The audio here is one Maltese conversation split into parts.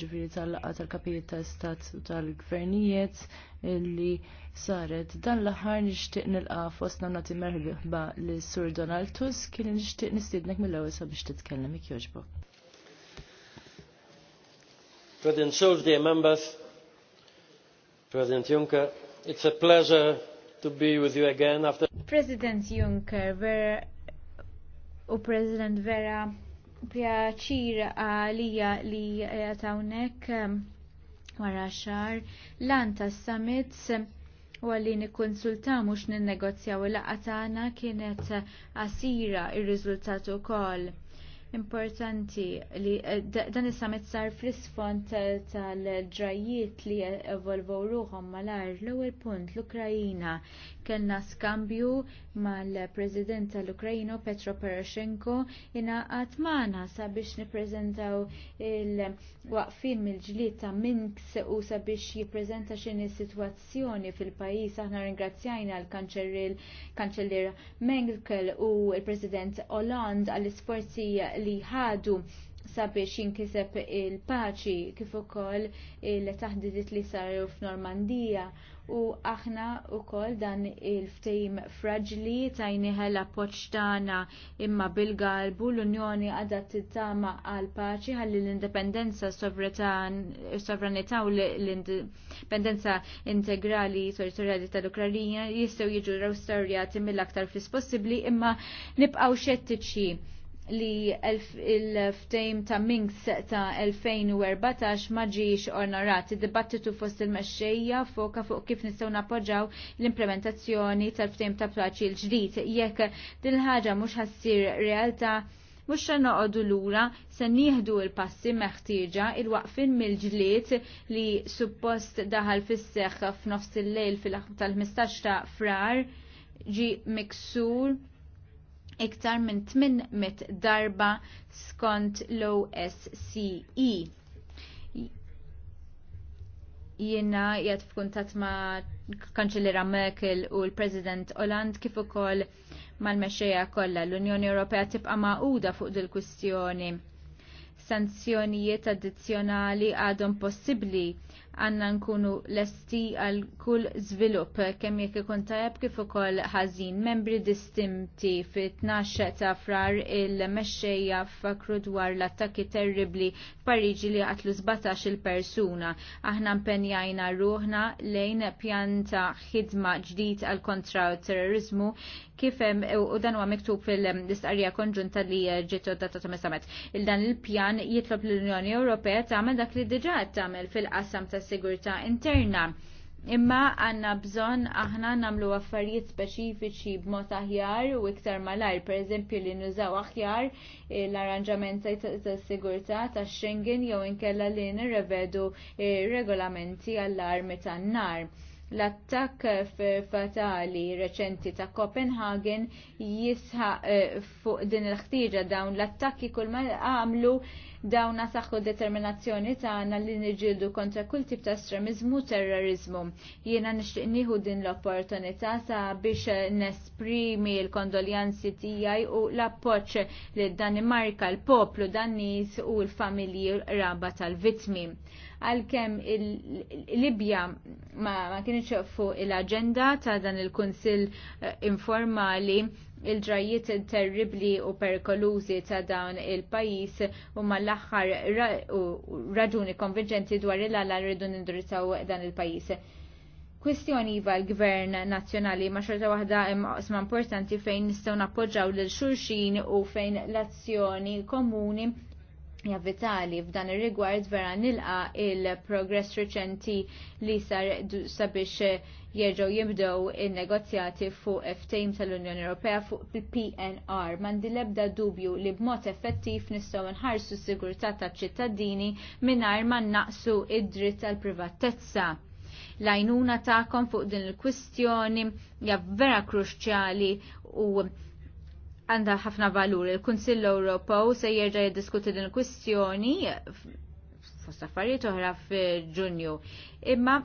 ġifiri tal-laqa tal-kapijiet ta' stat tal-gvernijiet li saret. Dan l-aħħar nixtieq nilqa' fostna nagħti merħba li sur Donald Tusk kien nishtiq nistidnek mill-ewwel sabiex titkellem ik jogħġbok. President Schulz, dear members, President Juncker, it's a pleasure to be with you again after... President Juncker, vera u President Vera, pjaċir għalija li għatawnek eh, eh, wara xar lan ta' summit u għalli nikkonsultaw mux ninnegozjaw il tagħna kienet eh, għasira ir-riżultat ukoll importanti li eh, dan is-summit sar fl-isfond tal-ġrajiet li evolvow ruhom malar l-ewwel punt l-Ukrajina kellna skambju mal-President tal-Ukrajina Petro Poroshenko ingħaqad magħna sabiex nippreżentaw il- waqfin mill-ġlied ta' Minsk sequsa sabiex jippreżenta x'inhi s-sitwazzjoni fil-pajjiż aħna ringrazzjajna l-Kanċellier Merkel u l-President Hollande għall-isforzi li ħadu sabiex jinkiseb il-paċi kif ukoll il-taħdidiet li saru f'Normandija u aħna u koll dan il-ftejm fragili tajniħe la poċtana imma bil-galbu l-Unjoni għadha tittama għal paċi għall l-indipendenza sovranità u l-indipendenza integrali territorjali tal-Ukrajina jistaw jiġu storja mill-aktar fis possibbli imma nibqaw xettiċi li il-ftejm ta' Minks ta' 2014 ma ġiex onorat. Id-dibattitu fost il-mexxejja foka fuq kif nistgħu napoġaw l-implementazzjoni tal-ftejm ta' plaċi l-ġdid. Jekk dil-ħaġa mhux ħassir realtà mux xa noqodu l-ura se nieħdu il-passi meħtieġa il-waqfin mill-ġliet li suppost daħal fis-seħħ f'nofs il-lejl fil-15 ta' frar ġi miksur iktar minn 800 darba skont l-OSCE. Jiena jgħat f'kuntat ma' kanċellera Merkel u l-President Oland kif ukoll mal-mexxejja kollha l-Unjoni Ewropea tibqa' maquda fuq dil kustjoni sanzjonijiet addizzjonali għadhom possibbli għanna nkunu lesti għal kull żvilupp kemm jekk ikun tajab kif ukoll ħażin. Membri distinti fit-12 ta' frar il-mexxejja fakru dwar l-attakki terribli f'Pariġi li qatlu 17 il-persuna. Aħna mpenjajna ruħna lejn pjanta ħidma ġdid għal kontra terrorizmu kif hemm u dan huwa miktub fil-istqarrija konġunta li ġiet data ta' il-dan il-pjan jitlob l-Unjoni Ewropea tagħmel dak li diġà tagħmel fil-qasam fil ta' sigurtà interna. Imma għanna bżon aħna namlu affarijiet speċifiċi b'mod aħjar u iktar malajr, per eżempju li nużaw aħjar l-arranġament ta' sigurtà ta' Schengen jew inkella li nirrevedu eh, regolamenti għall-armi tan-nar L-attakk fatali reċenti ta' Copenhagen jisħaq eh, fuq din il-ħtieġa dawn l-attakki kull ma għamlu dawn saħħu determinazzjoni tagħna li niġildu kontra kull tip ta' estremizmu terrorizmu. Jiena nixtieq nieħu din l-opportunità sabiex nesprimi l-kondoljanzi tiegħi u l-appoġġ li Danimarka, l-poplu Daniż u l-familji raba tal-vittmi għalkemm il-Libja ma, ma kienx fuq il-aġenda ta' dan il-Kunsill eh, informali il-ġrajiet terribli u perikolużi ta' dawn il-pajis u mal-axħar raġuni konvinġenti dwar il-għala rridu nindirizzaw dan il-pajis. Kwistjoni iva l-Gvern Nazzjonali ma xorta waħda imma importanti fejn nistgħu nappoġġaw lil xulxin u fejn l-azzjoni komuni Ja vitali f'dan ir-rigward vera nilqa il-progress reċenti li sar sabiex jerġgħu jibdew in-negozjati fuq ftehim tal-Unjoni Ewropea fuq il-PNR. Mandi lebda dubju li b'mod effettiv nistgħu nħarsu s-sigurtà taċ-ċittadini mingħajr ma naqsu id-dritt tal-privatezza. L-għajnuna tagħkom fuq din il-kwistjoni hija vera kruċjali u għandha ħafna valur. Il-Kunsill Ewropew se jerġa' jiddiskuti din il-kwistjoni fost affarijiet oħra f'Ġunju. Imma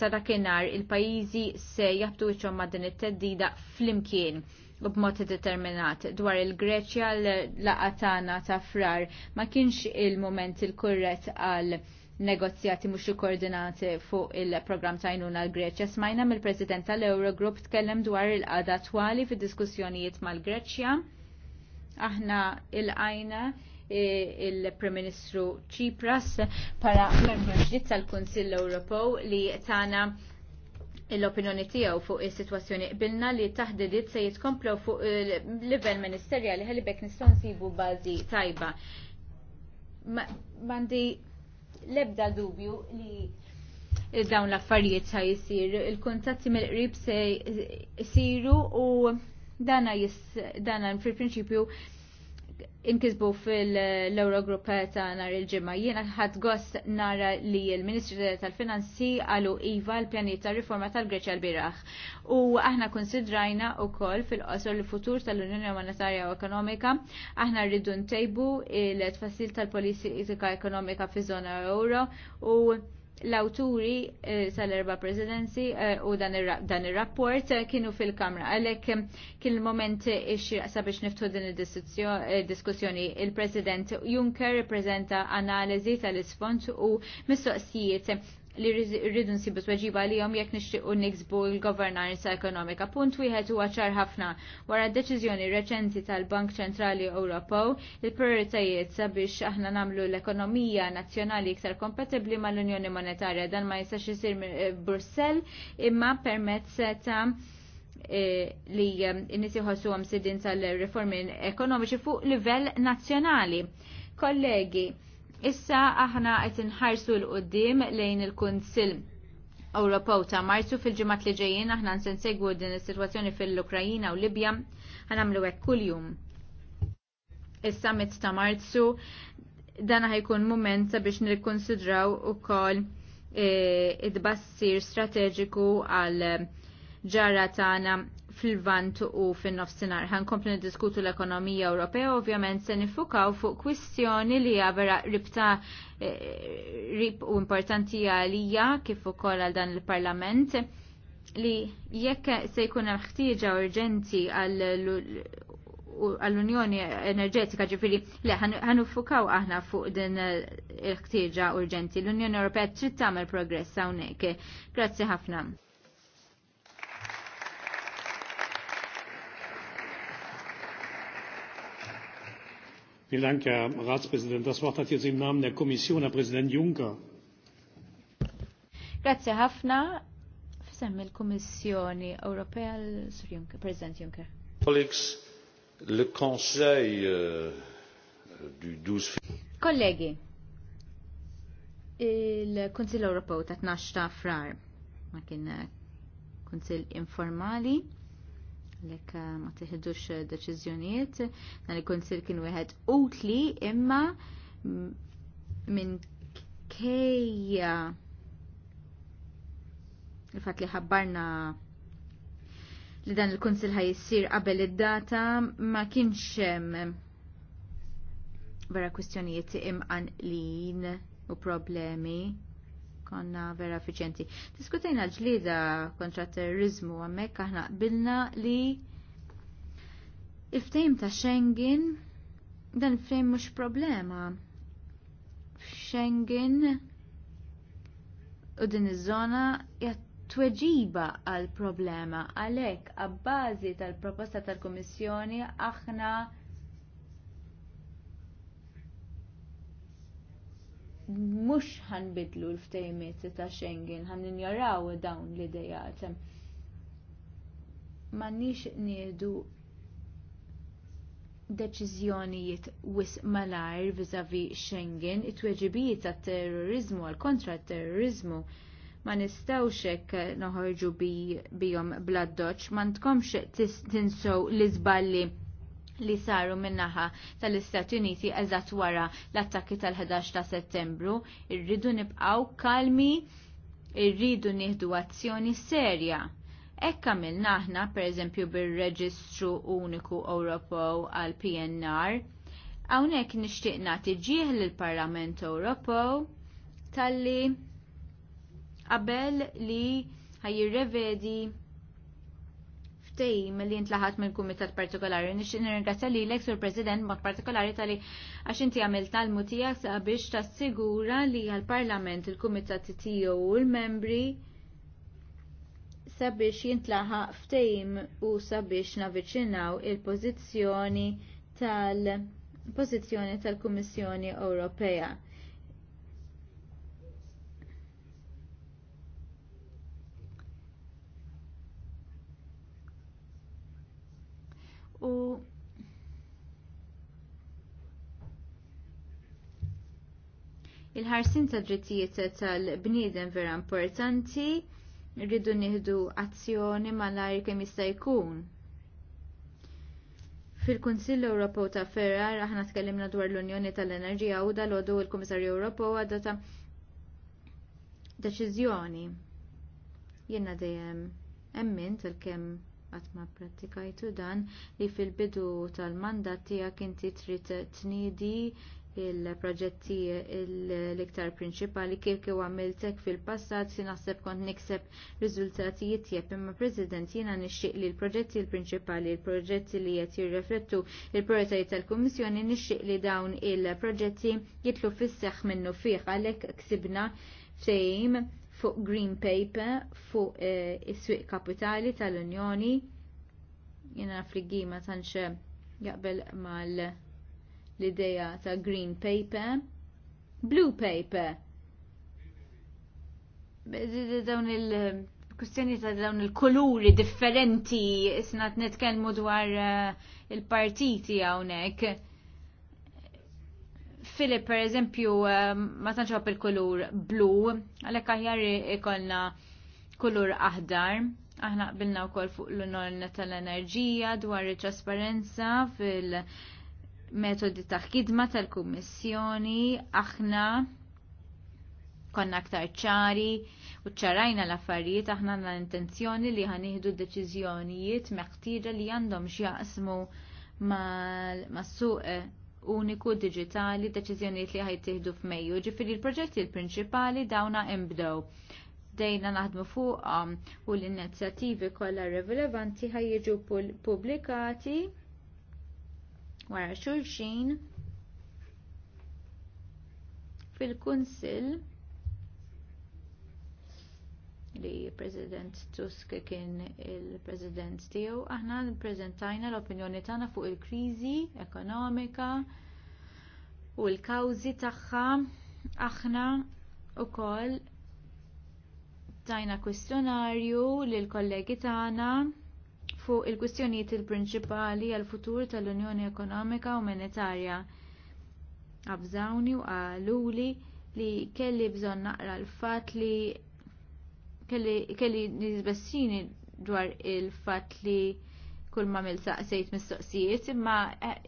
sa dakinhar il-pajjiżi se jaħtu wiċċhom ma' din it-teddida flimkien b'mod determinat dwar il-Greċja l-laqatana ta' frar ma kienx il-moment il-kurret għal negozjati mhux koordinati fuq il-programm tajnuna l-Greċja. Smajna mill-President tal-Eurogroup tkellem dwar il-qada twali fid-diskussjonijiet mal-Greċja. Aħna il-għajna e, il-Prim Ministru Ċipras para membri tal-Kunsill Ewropew li tana l-opinjoni tiegħu fuq is-sitwazzjoni qbilna li taħdidiet se jitkomplu fuq livell ministerjali ħalibek nistgħu nsibu bażi tajba. Mandi l-ebda dubju li dawn l-affarijiet sa jisir. Il-kontatti mill-qrib se jisiru u dana jis, dana fil-prinċipju inkisbu fil-Eurogrupp ta' nar il-ġimma. Jiena ħadd gost nara li l-Ministri tal-Finanzi għalu iva l-pjaniet ta' riforma tal-Greċja l-biraħ. U aħna konsidrajna wkoll fil-qosor l-futur tal-Unjoni Monetarja u Ekonomika, aħna rridu ntejbu il-tfassil tal-politika ekonomika fi żona euro u l-awturi tal-erba eh, presidenzi eh, u dan ir-rapport eh, kienu fil-kamra. Għalek kien il-moment ixraqsa sabiex niftu din il-diskussjoni. Il-President Juncker prezenta analizi tal-isfont u mistoqsijiet li rridu nsibu weġiba li jom jek nixtiqu niksbu l-governanza ekonomika. Punt wieħed huwa ċar ħafna wara d-deċiżjoni reċenti tal-Bank Ċentrali Ewropew il-prioritajiet sabiex aħna nagħmlu l-ekonomija nazzjonali iktar kompatibbli mal-Unjoni Monetarja dan ma jistax isir eh, Brussell imma permezz ta' eh, li eh, nisiħosu għam sidin tal-reformi ekonomiċi fuq livell nazzjonali. Kollegi, Issa aħna qed inħarsu l qudiem lejn il-Kunsill Ewropew ta' Marzu fil-ġimgħat li ġejjin aħna nsegwu din is-sitwazzjoni fil-Ukrajina u Libja ħanamlu hekk kuljum. Is-summit ta' Marzu dan ħajkun mument sabiex nirkonsidraw ukoll eh, id-bassir strateġiku għal ġara tagħna fil-vant u fin-nofsinhar. komplin niddiskutu l-ekonomija Ewropea, ovvjament se nifukaw fuq kwistjoni li għavera ribta eh, rib u importanti għalija kif ukoll għal dan il-Parlament li jekk se jkun hemm ħtieġa urġenti għal għall-Unjoni Enerġetika ġifiri, le, ħanufukaw aħna fuq din il-ħtieġa urġenti. L-Unjoni Ewropea trid tagħmel progress hawnhekk. Grazzi ħafna. Vielen Dank, Herr Ratspräsident. Das Wort hat jetzt im Namen der Kommission Herr Präsident Juncker. Grazie Hafna. Fissemmi l-Kommissjoni Ewropea Juncker, President Juncker. Colleagues, le Conseil euh, du 12 Kollegi, il-Kunsill Ewropew ta' 12 ta' frar ma kien kunsill informali lek eh, ma teħdux eh, deċizjoniet na li konsil kien wieħed utli imma minn kejja il-fat li ħabbarna li dan il-konsil ħaj jissir qabel id-data ma kienx eh, vera kwistjonijiet imqan lin u problemi konna vera effiċenti. Diskutajna ġlida kontra terrorizmu għamek aħna qbilna li il-ftejm ta' Schengen dan il-ftejm mux problema. Schengen u din iż-żona tweġiba għal problema għalhekk għabbażi tal-proposta tal-Kummissjoni aħna mhux ħanbidlu l-ftejmiet ta' Schengen, ħan jaraw dawn l-idejat. M'għandniex nieħdu deċiżjonijiet wis malajr vizavi Schengen, it-tweġibijiet tat terrorizmu għal kontra terrorizmu ma nistawxek hekk noħorġu bihom bla doċ, ma ntkomx tinsow l-iżballi li saru minnaħa tal-Istati Uniti eżatt wara l-attakki tal-11 ta' settembru, irridu nibqaw kalmi, irridu nieħdu azzjoni serja. Ekk għamilna aħna pereżempju bir-Reġistru Uniku Ewropew għal PNR, hawnhekk nixtieq nagħti l lill-Parlament Ewropew talli qabel li ħajjirrevedi ftejm li jintlaħat mill kumitat partikolari. Nixin nirringrazzja li l-ek sur president mod partikolari tali għax inti għamil tal-mutijak biex sabiex tassigura li għal-parlament il-kumitat tijo u l-membri sabiex jintlaħaq ftejm u sabiex naviċinaw il-pożizzjoni tal-pożizzjoni tal-Kummissjoni Ewropea u il-ħarsin ta' drittijiet tal-bniedem vera importanti rridu nieħdu azzjoni malajr kemm jista' jkun. Fil-Kunsill Ewropew ta' Ferrar aħna tkellimna dwar l-Unjoni tal-Enerġija u dal-għodu l-Kummissarju Ewropew għadha ta' deċiżjoni. Jiena dejjem emmin tal-kemm qatt ma ppratikajtu dan li fil-bidu tal-mandat tiegħek inti trid tniedi il-proġetti l-iktar prinċipali kif kif għamiltek fil-passat si naħseb kont nikseb riżultati jitjeb imma President jiena nixtieq li l-proġetti l-prinċipali l-proġetti li qed jirreflettu il-prioritajiet tal-Kummissjoni nixtieq li dawn il-proġetti jitlu fis-seħħ minnu fih għalhekk ksibna ftehim fuq Green Paper fuq e, is-swieq kapitali tal-Unjoni jena friggi ma tantx eh, jaqbel mal l-ideja ta' Green Paper Blue Paper dawn il- kustjoni ta' dawn il-koluri differenti isnat netkelmu dwar uh, il-partiti hawnhekk Filip, per eżempju, um, ma tanċob il-kulur blu, għalek aħjar ikolna kulur aħdar. Aħna qbilna u koll fuq l-unorna tal-enerġija dwar il-trasparenza fil-metodi ta' ħidma tal-Kummissjoni. Aħna konna aktar ċari u ċarajna l-affarijiet aħna għandna intenzjoni li ħaniħdu deċiżjonijiet meħtieġa li għandhom x'jaqsmu mas-suq uniku digitali deċiżjonijiet li ħajtieħdu f'Mejju. Ġifieri l-proġetti l-prinċipali dawna imbdew. Dejna naħdmu fuq u l-inizjattivi kollha rilevanti ħajjiġu pubblikati wara xulxin fil-Kunsill li President Tusk kien il-President tiegħu, aħna nippreżentajna l-opinjoni tagħna fuq il-kriżi ekonomika u l-kawżi tagħha aħna wkoll tajna kwistjonarju lill kollegi tagħna fuq il-kwistjonijiet il-prinċipali għall futur tal-Unjoni Ekonomika u Monetarja. Abżawni u għaluli li kelli bżonn naqra l fatt li kelli nizbessini dwar il-fat li kull ma mill saqsejt mis-soqsijiet, imma eh,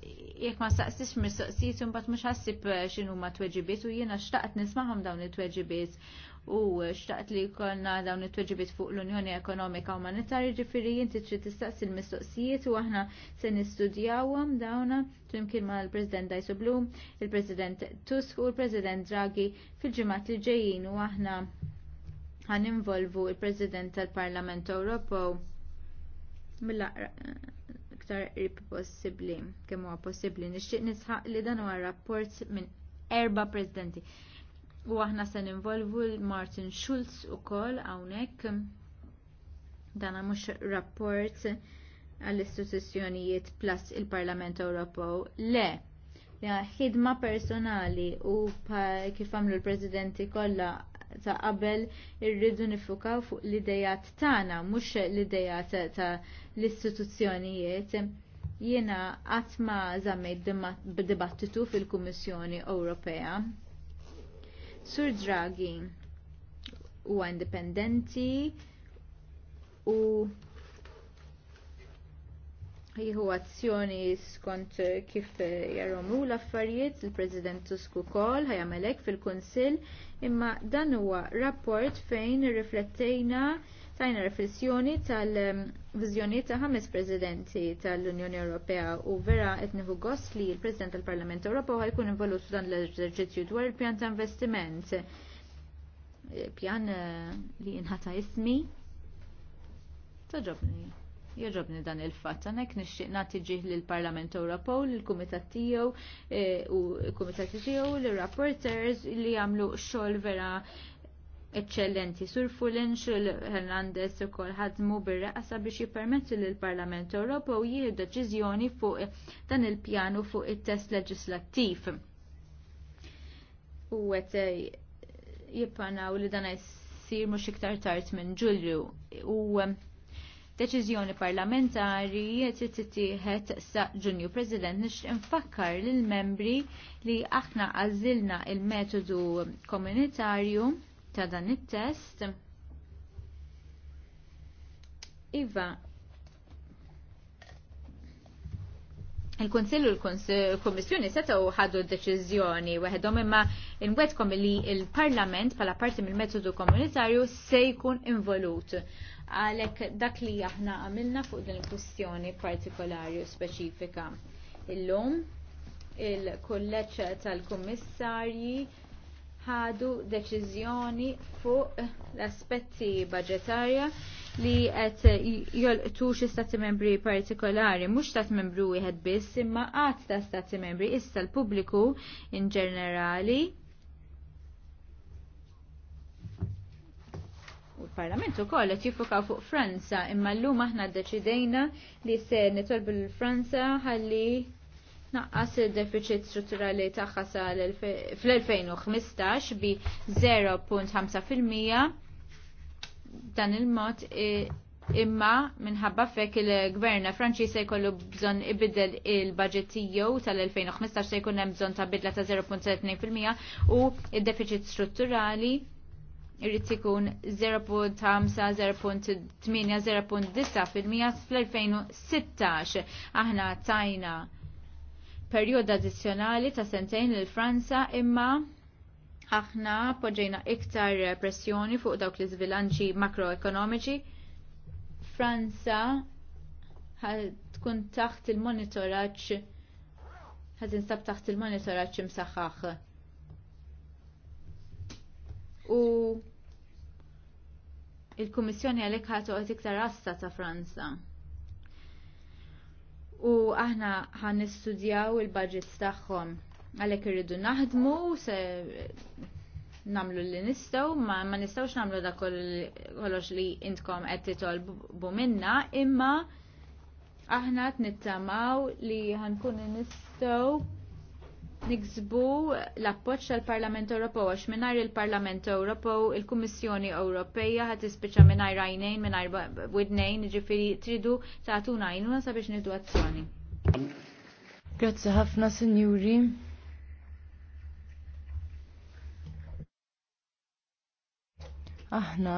jekk ma saqsix mis-soqsijiet imbagħad mhux ħassib eh, x'inhu ma tweġibiet u jiena xtaqt nisma'hom dawn it-tweġibiet u xtaqt li jkollna dawn it-tweġibiet fuq l-Unjoni Ekonomika Umanitarja jiġifieri inti trid tistaqsi l-mistoqsijiet u aħna se nistudjawhom dawna flimkien ma' l-President Dajsu Blum, il-President Tusk u l-President Draghi fil-ġimgħat li ġejjin u aħna ħan involvu l president tal-Parlament Ewropew mill-aktar qrib possibbli kemm huwa possibbli. Nixtieq nisħaq li dan huwa rapport minn erba' presidenti. U aħna se ninvolvu Martin Schulz ukoll hawnhekk dan mhux rapport għall-istituzzjonijiet plus il-Parlament Ewropew. Le, ħidma personali u kif għamlu l-presidenti kollha ta' qabel irridu nifukaw fuq l-idejat tagħna mhux l-idejat ta' l-istituzzjonijiet. Jiena qatt ma żammejt b'dibattitu fil-Kummissjoni Ewropea. Sur Draghi huwa indipendenti u jihu azzjoni skont kif eh, jarromu l-affarijiet, il-President Tusk ukoll ħajamelek fil-Kunsill, imma dan huwa rapport fejn riflettejna tajna riflessjoni tal-vizjoni eh, ta' ħames presidenti tal-Unjoni Ewropea u vera qed nieħu gost li l president tal-Parlament Ewropew ħajkun involut dan l-eżerċizzju dwar il-pjan ta' investiment. Eh, pjan li inħata ismi. Taġobni. Jirrobni dan il-fatt, għanek nixtieq nagħti ġieħ lill-Parlament Ewropew, lill-Kumitat tiegħu eh, u l-Kumitat tiegħu l-rapporters li għamlu xogħol vera eccellenti. Sur Fulin xul Hernandez u kol ħadmu bir-raqsa biex jippermettu l parlament Ewropew jieħu deċiżjoni fuq dan il-pjanu fuq it-test leġislattiv. U għet eh, jippanaw li dan jissir mux iktar tard minn ġulju. U eh, Deċiżjoni parlamentari tittieħed sa Ġunju President nix infakkar lil membri li aħna għażilna il-metodu komunitarju ta' dan it-test. Iva, il-Konsill u l-Kommissjoni setgħu ħadu d-deċiżjoni weħedhom imma inwedkom li l-Parlament bħala parti mill-metodu komunitarju se jkun involut. Għalhekk dak li aħna għamilna fuq din il-kwistjoni partikolari u speċifika. Illum il-kolleġġ tal-Kummissarji ħadu deċiżjoni fuq l-aspetti budgetarja li qed jolqtu stati membri partikolari, mhux stat membru wieħed biss, imma qatt ta' stati membri issa l-pubbliku in ġenerali. U l-Parlament ukoll qed jiffokaw fuq Franza, imma llum aħna ddeċidejna li se nitolbu l-Franza ħalli naqqas il-deficit strutturali tagħha fl-2015 bi 0.5% dan il-mod imma minħabba fek il-gvern Franċi se jkollu bżonn ibidel il-budget tiegħu tal-2015 se jkun hemm bżonn ta' bidla ta' 0.2% u il deficit strutturali irrid ikun 0.5, 0.8, 0.9 fil-2016. Aħna tajna perjodu addizzjonali ta' sentejn lil Franza imma aħna poġġejna iktar pressjoni fuq dawk l iżvilanċi makroekonomiċi. Franza tkun taħt il-monitoraġġ ħad instab taħt il-monitoraġġ imsaħħaħ. U il kommissjoni għalhekk ħatu toqgħod iktar ta' Franza u aħna ħan nistudjaw il-budgets tagħhom. Għalhekk irridu naħdmu se namlu li nistaw, ma, ma nistawx namlu da kollox li intkom qed titolbu minna, imma aħna t-nittamaw li ħankun nistaw niksbu l-appoċ tal-Parlament Ewropew għax minnajr il-Parlament Ewropew il-Kummissjoni Ewropea ħad tispiċċa mingħajr għajnejn minnajr widnejn, ġifiri tridu tagħtuna għajnuna sabiex nieħdu azzjoni. Grazzi ħafna, Sinjuri. Aħna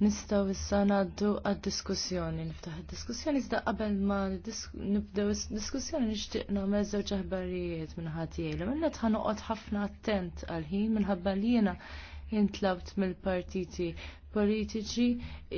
Nistaw issa naddu għad-diskussjoni, niftaħ id-diskussjoni, iżda qabel ma nibdew diskussjoni nixtieq nagħmel żewġ aħbarijiet minn ħadd jgħidha. Minna tħanoqgħod ħafna attent għal ħin minħabba li jiena jintlabt mill-partiti politiċi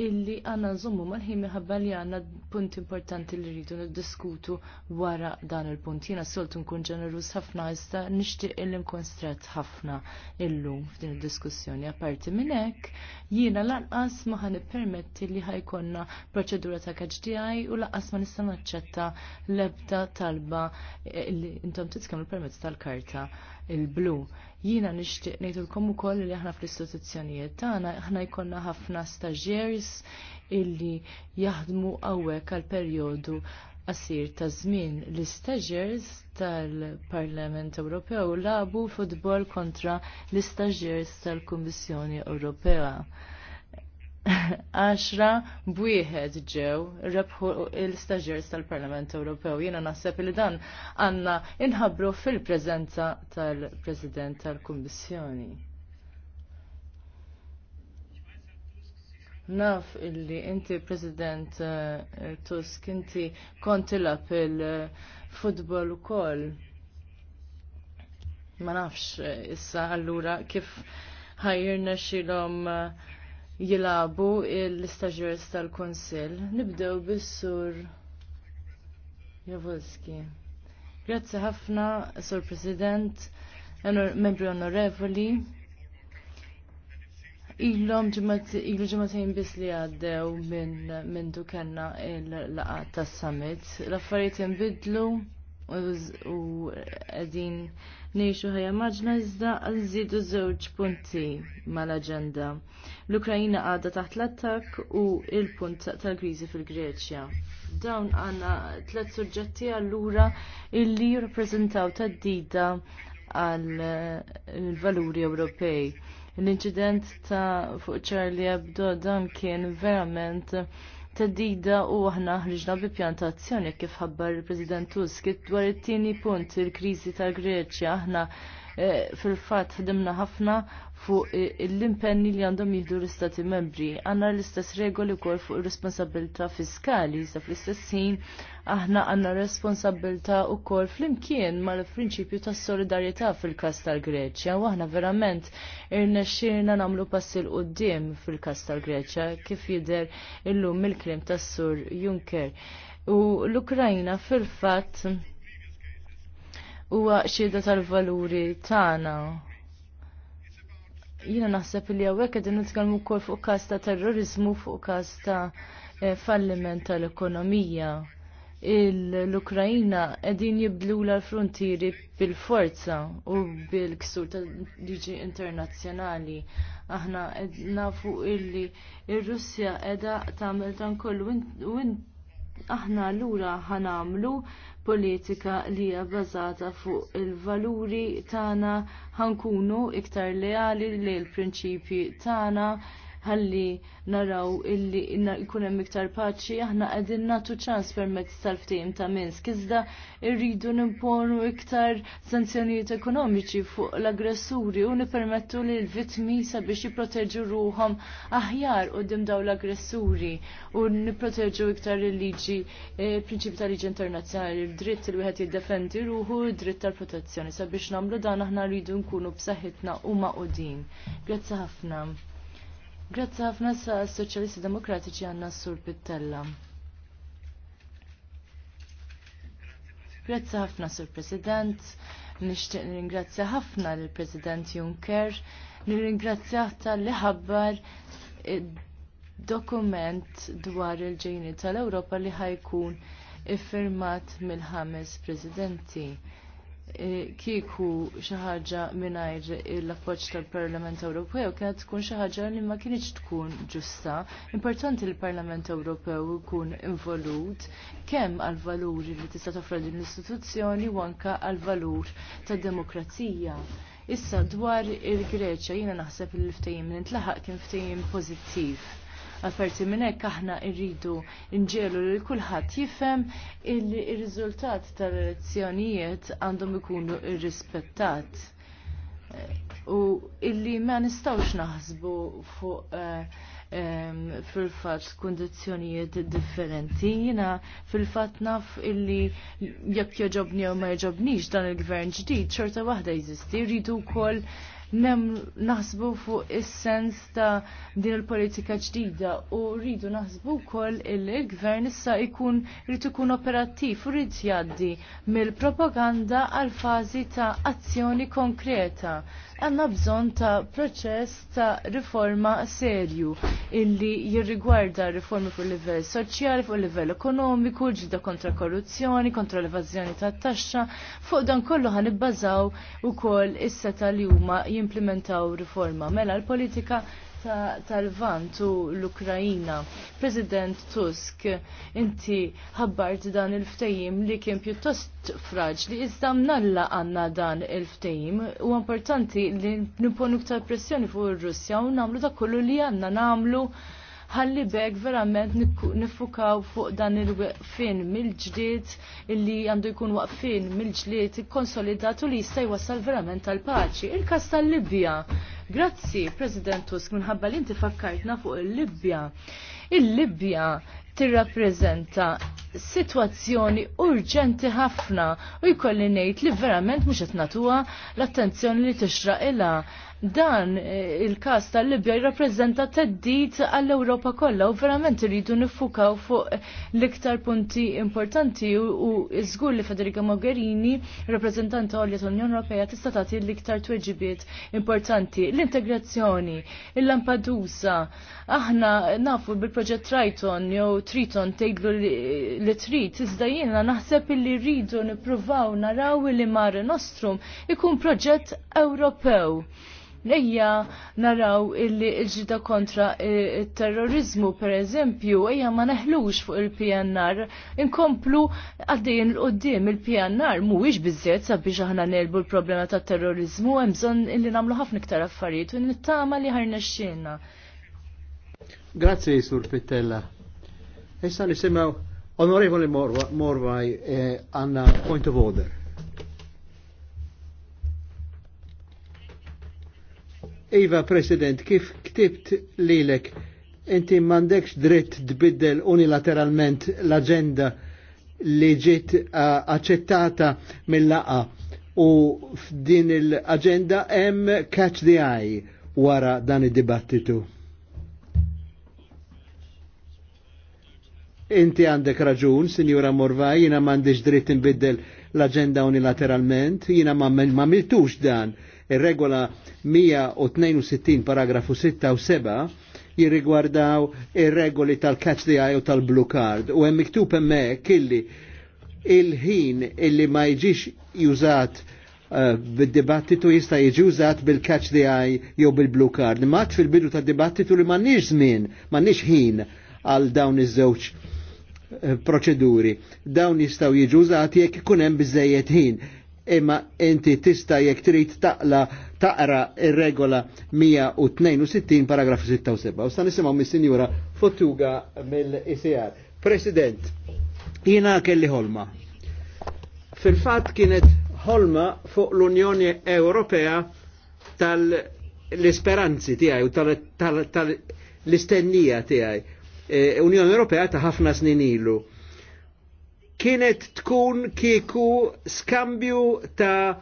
illi għanna nżommu mal-ħin li għanna punt importanti li rridu niddiskutu wara dan il-punt. Jena soltu nkun ġenerus ħafna jista nixtieq illi nkun stret ħafna illum f'din id-diskussjoni. Apparti minn hekk, jiena lanqas ma ħan ippermetti li ħajkonna proċedura ta' KGDI u lanqas ma nista' naċċetta l-ebda talba li intom il permezz tal-karta il-blu. Jiena nixtieq ngħidulkom ukoll li aħna fl-istituzzjonijiet tagħna aħna jkollna ħafna staġjers illi jaħdmu hawnhekk għal perjodu qasir ta' żmien l-istaġers tal-Parlament Ewropew labu futbol kontra l-istaġers tal-Kummissjoni Ewropea għaxra bwieħed ġew rebħu l stagġers tal-Parlament Ewropew. Jiena naħseb li dan għandna inħabru fil-preżenza tal-President tal-Kummissjoni. Naf illi inti President eh, Tusk inti kontilab il-futbol ukoll. Ma nafx eh, issa allura kif ħajirna xilhom uh, eh, jilabu l stagjers tal-Konsil. Nibdew bis-sur Javolski. Grazzi ħafna, Sur President, membri onorevoli. Illom ilu ġematajn bis li għaddew minn min dukenna il-laqat tas-summit. L-affarijiet jinbidlu u għedin neħxu ħajja maġna iżda nżidu żewġ punti mal-agenda. L-Ukrajina għadha taħt l-attak u il-punt tal-kriżi fil-Greċja. Dawn għanna tlet suġġetti għallura illi jirrappreżentaw tad-dida għal-valuri Ewropej. L-inċident ta' fuq Charlie Abdo dan kien verament teddida u aħna ħriġna bi pjantazzjoni kif ħabbar il-President Tusk dwar it-tieni punt il-kriżi tal-Greċja aħna eh, fil-fatt ħdimna ħafna fuq l-impenni li għandhom jihdu l-istati membri. Għanna l-istess regoli kol fuq responsabilta fiskali, sa fl-istess ħin aħna għanna responsabilta u kol fl-imkien ma l-prinċipju ta' solidarieta fil-kas tal-Greċja. U aħna verament irnexxirna namlu passil d-dim fil-kas tal-Greċja kif jider illum mill krim tas sur Juncker. U l-Ukrajna fil-fat huwa xieda tal-valuri tagħna Jiena naħseb li hawnhekk qegħdin nitkellmu wkoll fuq każ ta' terrorizmu fuq każ ta' eh, falliment tal-ekonomija. L-Ukrajina qegħdin jibdlu l-frontieri bil-forza u bil-ksur ta' liġi internazzjonali. Aħna nafu illi il russja qiegħda tagħmel tan kollu Aħna aħna ura ħanamlu politika li hija bbażata fuq il-valuri tagħna ħankunu iktar leali lill prinċipji tagħna ħalli naraw illi jkun hemm iktar paċi aħna qegħdin nagħtu ċans permezz tal-ftehim ta' Minsk. Iżda rridu nimponu iktar sanzjonijiet ekonomiċi fuq l-aggressuri u nipermettu li l-vittmi sabiex jipproteġu ruhom aħjar qudiem daw l-aggressuri u nipproteġu iktar il-liġi eh, prinċipi tal-liġi internazzjonali, il-dritt il wieħed jiddefendi ruħu, il-dritt tal-protezzjoni sabiex nagħmlu dan aħna rridu nkunu b'saħħitna u maqudin. Grazzi ħafna. Grazzi ħafna sa' Soċjalisti Demokratiċi għanna s-Sur Pittella. Grazzi ħafna, Sur President. Nishtiq nirringrazzja ħafna lill president Juncker. Nirringrazzja tal-li ħabbar dokument dwar il-ġejni tal-Ewropa li ħajkun iffirmat mill-ħames presidenti. E, kieku xi ħaġa mingħajr l-appoġġ tal-Parlament Ewropew kienet tkun xi ħaġa li ma kienieċ tkun ġusta. Importanti li l-Parlament Ewropew ikun involut kemm għal valuri li tista' toffra din l-istituzzjoni u anke għal valur tad-demokrazija. Issa dwar il-Greċja jiena naħseb li l-ftehim li ntlaħaq kien ftehim pożittiv Apparti minn hekk aħna rridu nġelu lil kulħadd jifhem illi r-riżultat tal-elezzjonijiet għandhom ikunu irrispettat. U illi ma nistgħux naħsbu fuq eh, fil-fat kondizjonijiet differenti. Jina fil-fat naf illi jekk joġobni u ma jġobnix dan il-gvern ġdid, xorta waħda jizisti, rridu kol naħsbu fuq is-sens ta' din il-politika ġdida u rridu naħsbu wkoll il-gvern issa ikun rrid ikun operattiv u rrid jgħaddi mill-propaganda għal fażi ta' azzjoni konkreta għanna bżon ta' proċess ta' riforma serju illi jirrigwarda riformi fuq livell soċjali, fuq livell ekonomiku, ġida kontra korruzzjoni, kontra l-evazzjoni ta' taxxa, fuq dan kollu ibbazaw u ukoll is-seta li huma jimplementaw riforma. Mela l-politika tal-Vant u l-Ukrajina. President Tusk, inti ħabbart dan il-ftejim li kien pjuttost fraġ li iżda mnalla għanna dan il-ftejim u importanti li nipponu ktar pressjoni fuq ir-Russja u namlu da kollu li għanna namlu ħalli beg verament nifukaw fuq dan il-waqfin mill-ġdid illi għandu jkun waqfin mill-ġdid konsolidatu li jista' jwassal verament tal-paċi. Il-kas tal-Libja. Grazzi, President Tusk, minħabba li inti fakkajtna fuq il-Libja. Il-Libja tirrappreżenta situazzjoni urġenti ħafna u jkolli ngħid li verament mhux qed nagħtuha l-attenzjoni li tixraq ilha dan eh, il-kas tal-Libja jirrappreżenta teddit għall-Ewropa kollha u verament irridu nifukaw fuq l-iktar punti importanti u żgur li Federica Mogherini, rappreżentanta għolja tal-Unjoni Ewropea, tista' tagħti l-iktar tweġibiet importanti. L-integrazzjoni, il-Lampedusa, aħna nafu bil-proġett Triton jew Triton tgħidlu li trid, iżda jiena naħseb li rridu nippruvaw naraw li Mare Nostrum ikun proġett Ewropew ejja naraw illi il-ġida kontra il-terrorizmu per eżempju, ejja ma neħlux fuq il-PNR, inkomplu għaddejn l-qoddim il-PNR mhuwiex bizzet sabiex aħna nelbu l-problema ta' terrorizmu, hemm bżonn illi nagħmlu ħafna iktar affarijiet u nittama li ħarnexxielna. Grazie, Sur Pittella. Issa nisimaw Onorevoli Morvaj, eh, għanna point of order. Iva, President, kif ktibt lilek, inti mandekx dritt tbiddel unilateralment l-agenda li ġiet aċċettata mill-laqa u f'din l-agenda hemm catch the eye wara dan id-dibattitu. Inti għandek raġun, Sinjura Morvaj, jina mandiġ dritt nbiddel l-agenda unilateralment, jina ma miltux dan Ir-regola 162 paragrafu 6 u 7 jirrigwardaw ir-regoli tal-catch the eye u tal-blue card u hemm miktub hemmhekk illi il-ħin illi ma jiġix jużat uh, bid-dibattitu jista' jiġi użat bil-catch the eye jew bil-blue card. Maċ fil-bidu tad-dibattitu li m'għandniex żmien, m'għandniex ħin għal dawn iż-żewġ eh, proċeduri. Dawn jistgħu jiġu użati jekk ikun hemm biżejjed ħin imma inti tista jekk trid taqla taqra ir-regola 162 paragrafu 67. U sta nisimgħu mis-Sinjura Fottuga mill-ICR. President, jiena kelli ħolma. Fil-fatt kienet ħolma fuq l-Unjoni Ewropea tal-isperanzi tiegħi u tal-istennija tiegħi. E, Unjoni Ewropea ta' ħafna snin ilu kienet tkun kieku skambju ta'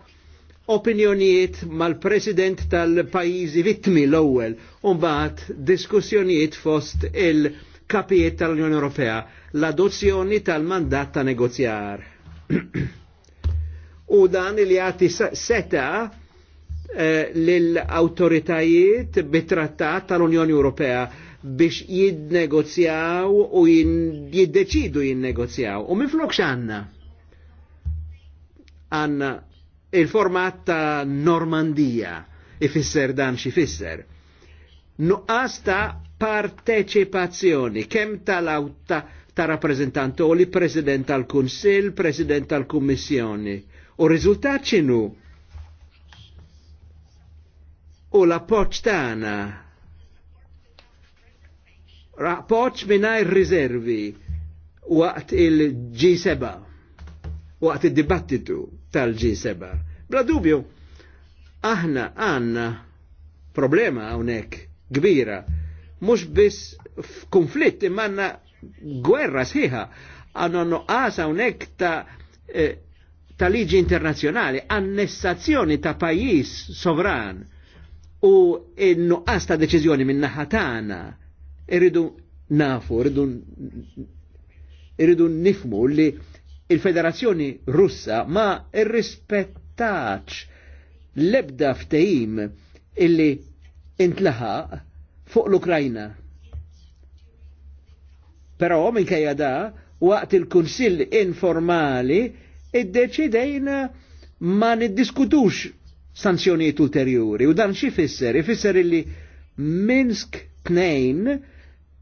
opinjonijiet mal-president tal-pajizi vittmi l-ewwel u mbagħad diskussjonijiet fost il-kapijiet tal-Unjoni Ewropea l-adozzjoni tal-mandat ta' negozjar. u dan il jati seta' l eh, lill-autoritajiet bit-trattat tal-Unjoni Ewropea biex jidnegozjaw u jiddeċidu jinnegozjaw. U minn flok xanna? Għanna il-format ta' Normandija ifisser dan xi fisser. Nuqqas ta' parteċipazzjoni kemm tal-awta ta' rappresentanti u li president tal kunsil president tal-Kummissjoni. U rizultat x'inhu? u l-appoċ tagħna. Appoċ mingħajr rizervi waqt il-G7, waqt il dibattitu tal tal-G7. Bla dubju, aħna għanna problema għonek kbira, mux bis konflitt imma gwerra sħiħa għanna noqqas għonek ta' eh, ta' liġi internazjonali, annessazzjoni ta' pajis sovran u n-nuqqas ta' deċiżjoni minn naħatana irridu nafu, irridu irridu nifmu li il-Federazzjoni Russa ma irrispettax lebda ftehim illi intlaħa fuq l-Ukrajna. Però kajja da waqt il-Kunsill informali id-deċidejna ma niddiskutux sanzjonijiet ulterjuri. U dan xi fisser? Ifisser illi Minsk 2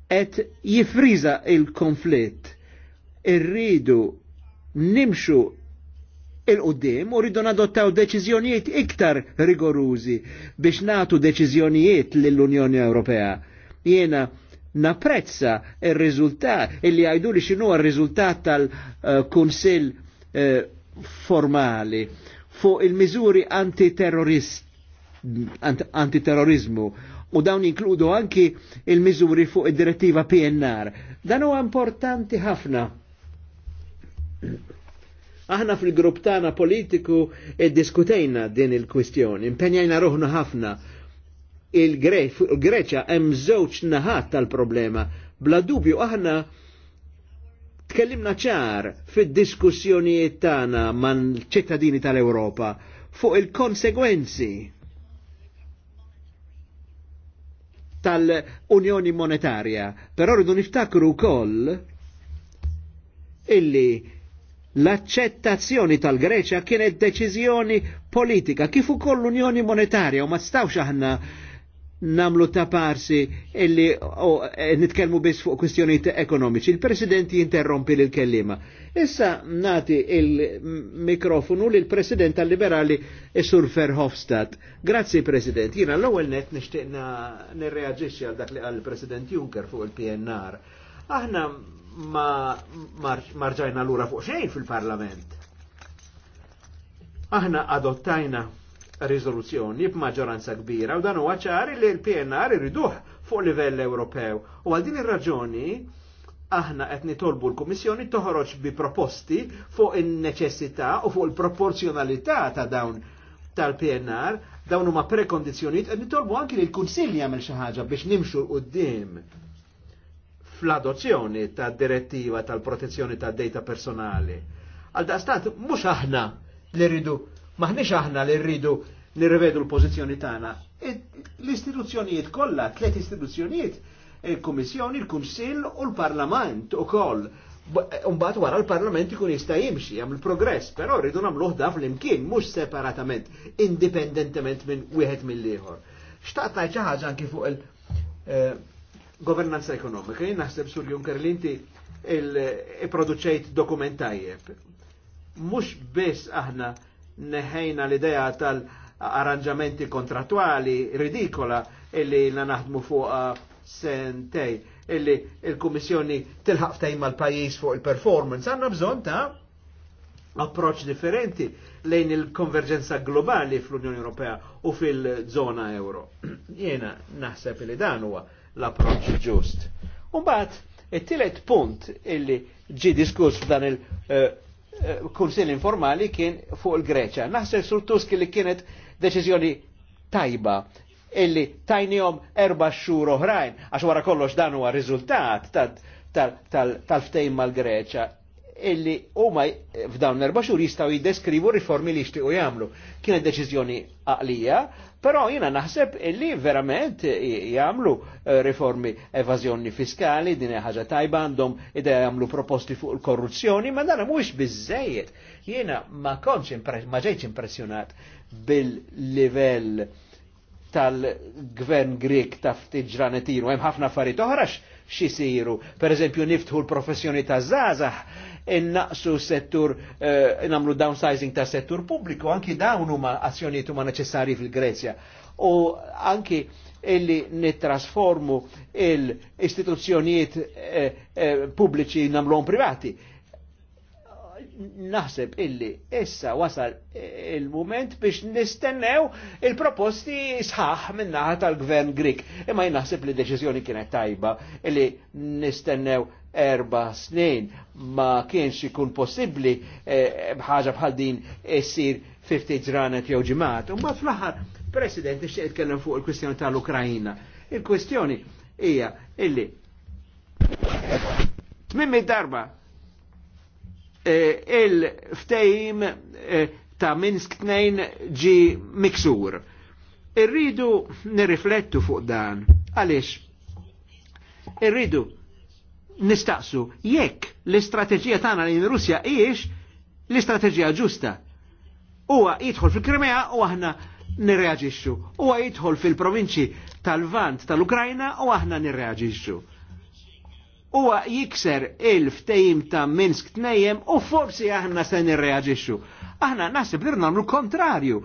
qed jifriza il-konflitt. Irridu nimxu il-qoddim u rridu nadottaw deċiżjonijiet iktar rigorużi biex natu deċiżjonijiet l unjoni Ewropea. Jiena napprezza il rizultat illi għajdu li xinu il-riżultat tal eh, kunsil eh, formali fuq il-miżuri antiterrorizmu u dawn inkludu anki il-miżuri fuq id-direttiva PNR. Dan huwa importanti ħafna. Aħna fil-grupp tagħna politiku iddiskutejna din il-kwistjoni, impenjajna ruħna ħafna. Il-Greċa hemm żewġ naħat tal-problema. Bla dubju aħna Tkellimna ċar fid-diskussjonijiet tagħna man ċittadini tal europa fuq il-konsegwenzi tal-Unjoni Monetarja, però rridu niftakru wkoll illi l-accettazzjoni tal-Greċja kienet deċiżjoni politika kif ukoll l-Unjoni Monetarja u ma stawx aħna namlu ta' parsi illi eh, nitkelmu biss fuq kwistjonijiet ekonomiċi. Il-President jinterrompi l kellima Issa nati il-mikrofonu lil president tal-Liberali Sur Verhofstadt. Grazzi President, jina l-ewwel net nishtiqna nirreagġiċi għal dak li għal president Juncker fuq il-PNR. Aħna ma marġajna lura fuq xejn fil-Parlament. Aħna adottajna Rizoluzzjoni b'maġġoranza kbira u dan huwa ċari li l-PNR iriduh fuq livell Ewropew. U għal din ir-raġuni aħna qed nitolbu l-Kummissjoni toħroġ bi proposti fuq in-neċessità u fuq il-proporzjonalità ta' dawn tal-PNR, dawn huma prekondizzjonijiet qed nitolbu anki li l-Kunsill jagħmel xi ħaġa biex nimxu quddiem qudiem fl-adozzjoni ta' direttiva tal-protezzjoni ta' data personali. Għal daqstat mhux aħna li rridu Maħniex aħna li rridu nirrevedu l-pożizzjoni tagħna. E, l-istituzzjonijiet kollha, tliet istituzzjonijiet, il-Kummissjoni, e, il-Kunsill u l-Parlament ukoll. Umbat e, wara l-Parlament ikun jista' jimxi hemm il-progress, però rridu nagħmluh da flimkien mhux separatament, indipendentement minn wieħed mill-ieħor. Xtaqt ngħid xi ħaġa anke fuq il-governanza ekonomika. Jien naħseb Sur Juncker li inti il-produċejt dokument tajjeb. Mhux biss aħna neħejna l-idea tal-arranġamenti kontratwali ridikola illi na naħdmu fuq uh, sentej illi il-Kummissjoni tilħaq ftejn mal-pajjiż fuq il-performance. Għandna bżonn ta' approċ differenti lejn il-konverġenza globali fl-Unjoni Ewropea u fil-żona euro. Jiena naħseb li dan huwa l-approċ ġust. Umbagħad it-tielet punt illi ġi diskuss f'dan il- uh, Eh, kursil informali kien fuq il-Greċa. Naħseb sur Tusk li kienet deċiżjoni tajba illi tajnijom erba xhur oħrajn, għax wara kollox dan huwa riżultat tal-ftejn mal-Greċa illi huma f'dawn l-erba' xhur jistgħu jiddeskrivu riformi li jixtiequ jagħmlu. Kienet deċiżjoni aqlija. Però jina naħseb li verament jagħmlu eh, riformi evażjoni fiskali, din ħaġa tajba għandhom jagħmlu proposti fuq il-korruzzjoni, ma dan mhuwiex biżejjed. Jiena ma kontx ma ġejtx impressjonat bil-livell tal-gvern Grek ta' ftit hemm ħafna affarijiet xi x'isiru, pereżempju niftħu l-professjoni ta' żgħażagħ innaqsu settur, eh, namlu downsizing ta' settur pubbliku, anki dawn huma azzjonijiet huma neċessarji fil-Grezja. U anki illi nittrasformu l istituzzjonijiet eh, eh, pubbliċi namluhom privati. Naħseb illi issa wasal il-moment biex nistennew il-proposti sħaħ minnaħat tal-gvern Grik. Imma jien naħseb li deċiżjoni kienet tajba illi nistennew erba snin ma kienx ikun possibbli bħaġa eh, bħal din jessir 50 ġranet jew ġimgħat. U mbagħad fl-aħħar President ixtieq jitkellem fuq il-kwistjoni tal-Ukrajina. Il-kwistjoni hija illi tmimmi darba eh, il-ftejim eh, ta' Minsk 2 ġi miksur. Irridu nirriflettu fuq dan. Għalix? Irridu nistaqsu jekk l-istrateġija tagħna lejn Russja hijiex l-istrateġija ġusta. Huwa jidħol fil-Krimea u aħna nirreaġixxu. Huwa jidħol fil-provinċi tal-Vant tal-Ukrajna u aħna nirreaġixxu. Huwa jikser il-ftejim ta' Minsk tnejjem u forsi aħna se nirreaġixxu. Aħna naħseb li rnamlu kontrarju.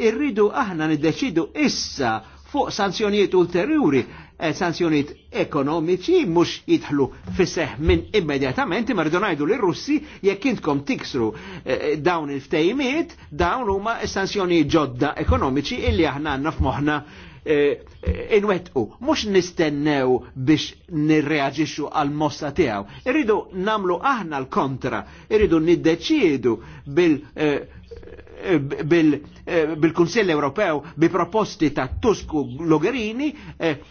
Irridu aħna niddeċidu issa fuq sanzjonijiet ulterjuri Eh, sanzjoniet ekonomiċi mhux jitħlu fisseħ minn immedjatament imma rridu ngħidu lir russi jekk intkom tiksru eh, dawn il-ftejmiet dawn huma sanzjoni ġodda ekonomiċi illi aħna għandna f'moħħna eh, inwetqu, mux nistennew biex nirreaġixxu għal mossa tiegħu. Irridu namlu aħna l-kontra, irridu niddeċiedu bil- Eh, bil eh, kunsell bil Ewropew bi proposti ta' Tusku Logherini eh,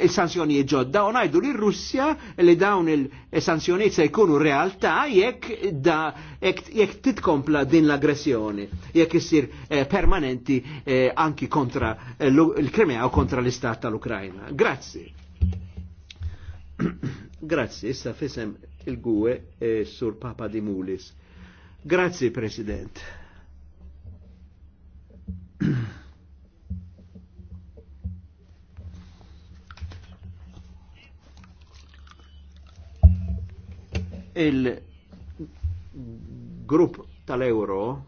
il sanzjoni ġodda u najdu li Russja li dawn il sanzjoni se jkunu realtà jekk da jekk titkompla din l-aggressjoni jekk jissir eh, permanenti eh, anki kontra eh, l-Krimea u kontra l-Istat tal-Ukrajna. Grazzi. Grazzi, issa fisem il gue eh, sur Papa Dimulis. Grazzi, President. Il-grupp tal-Euro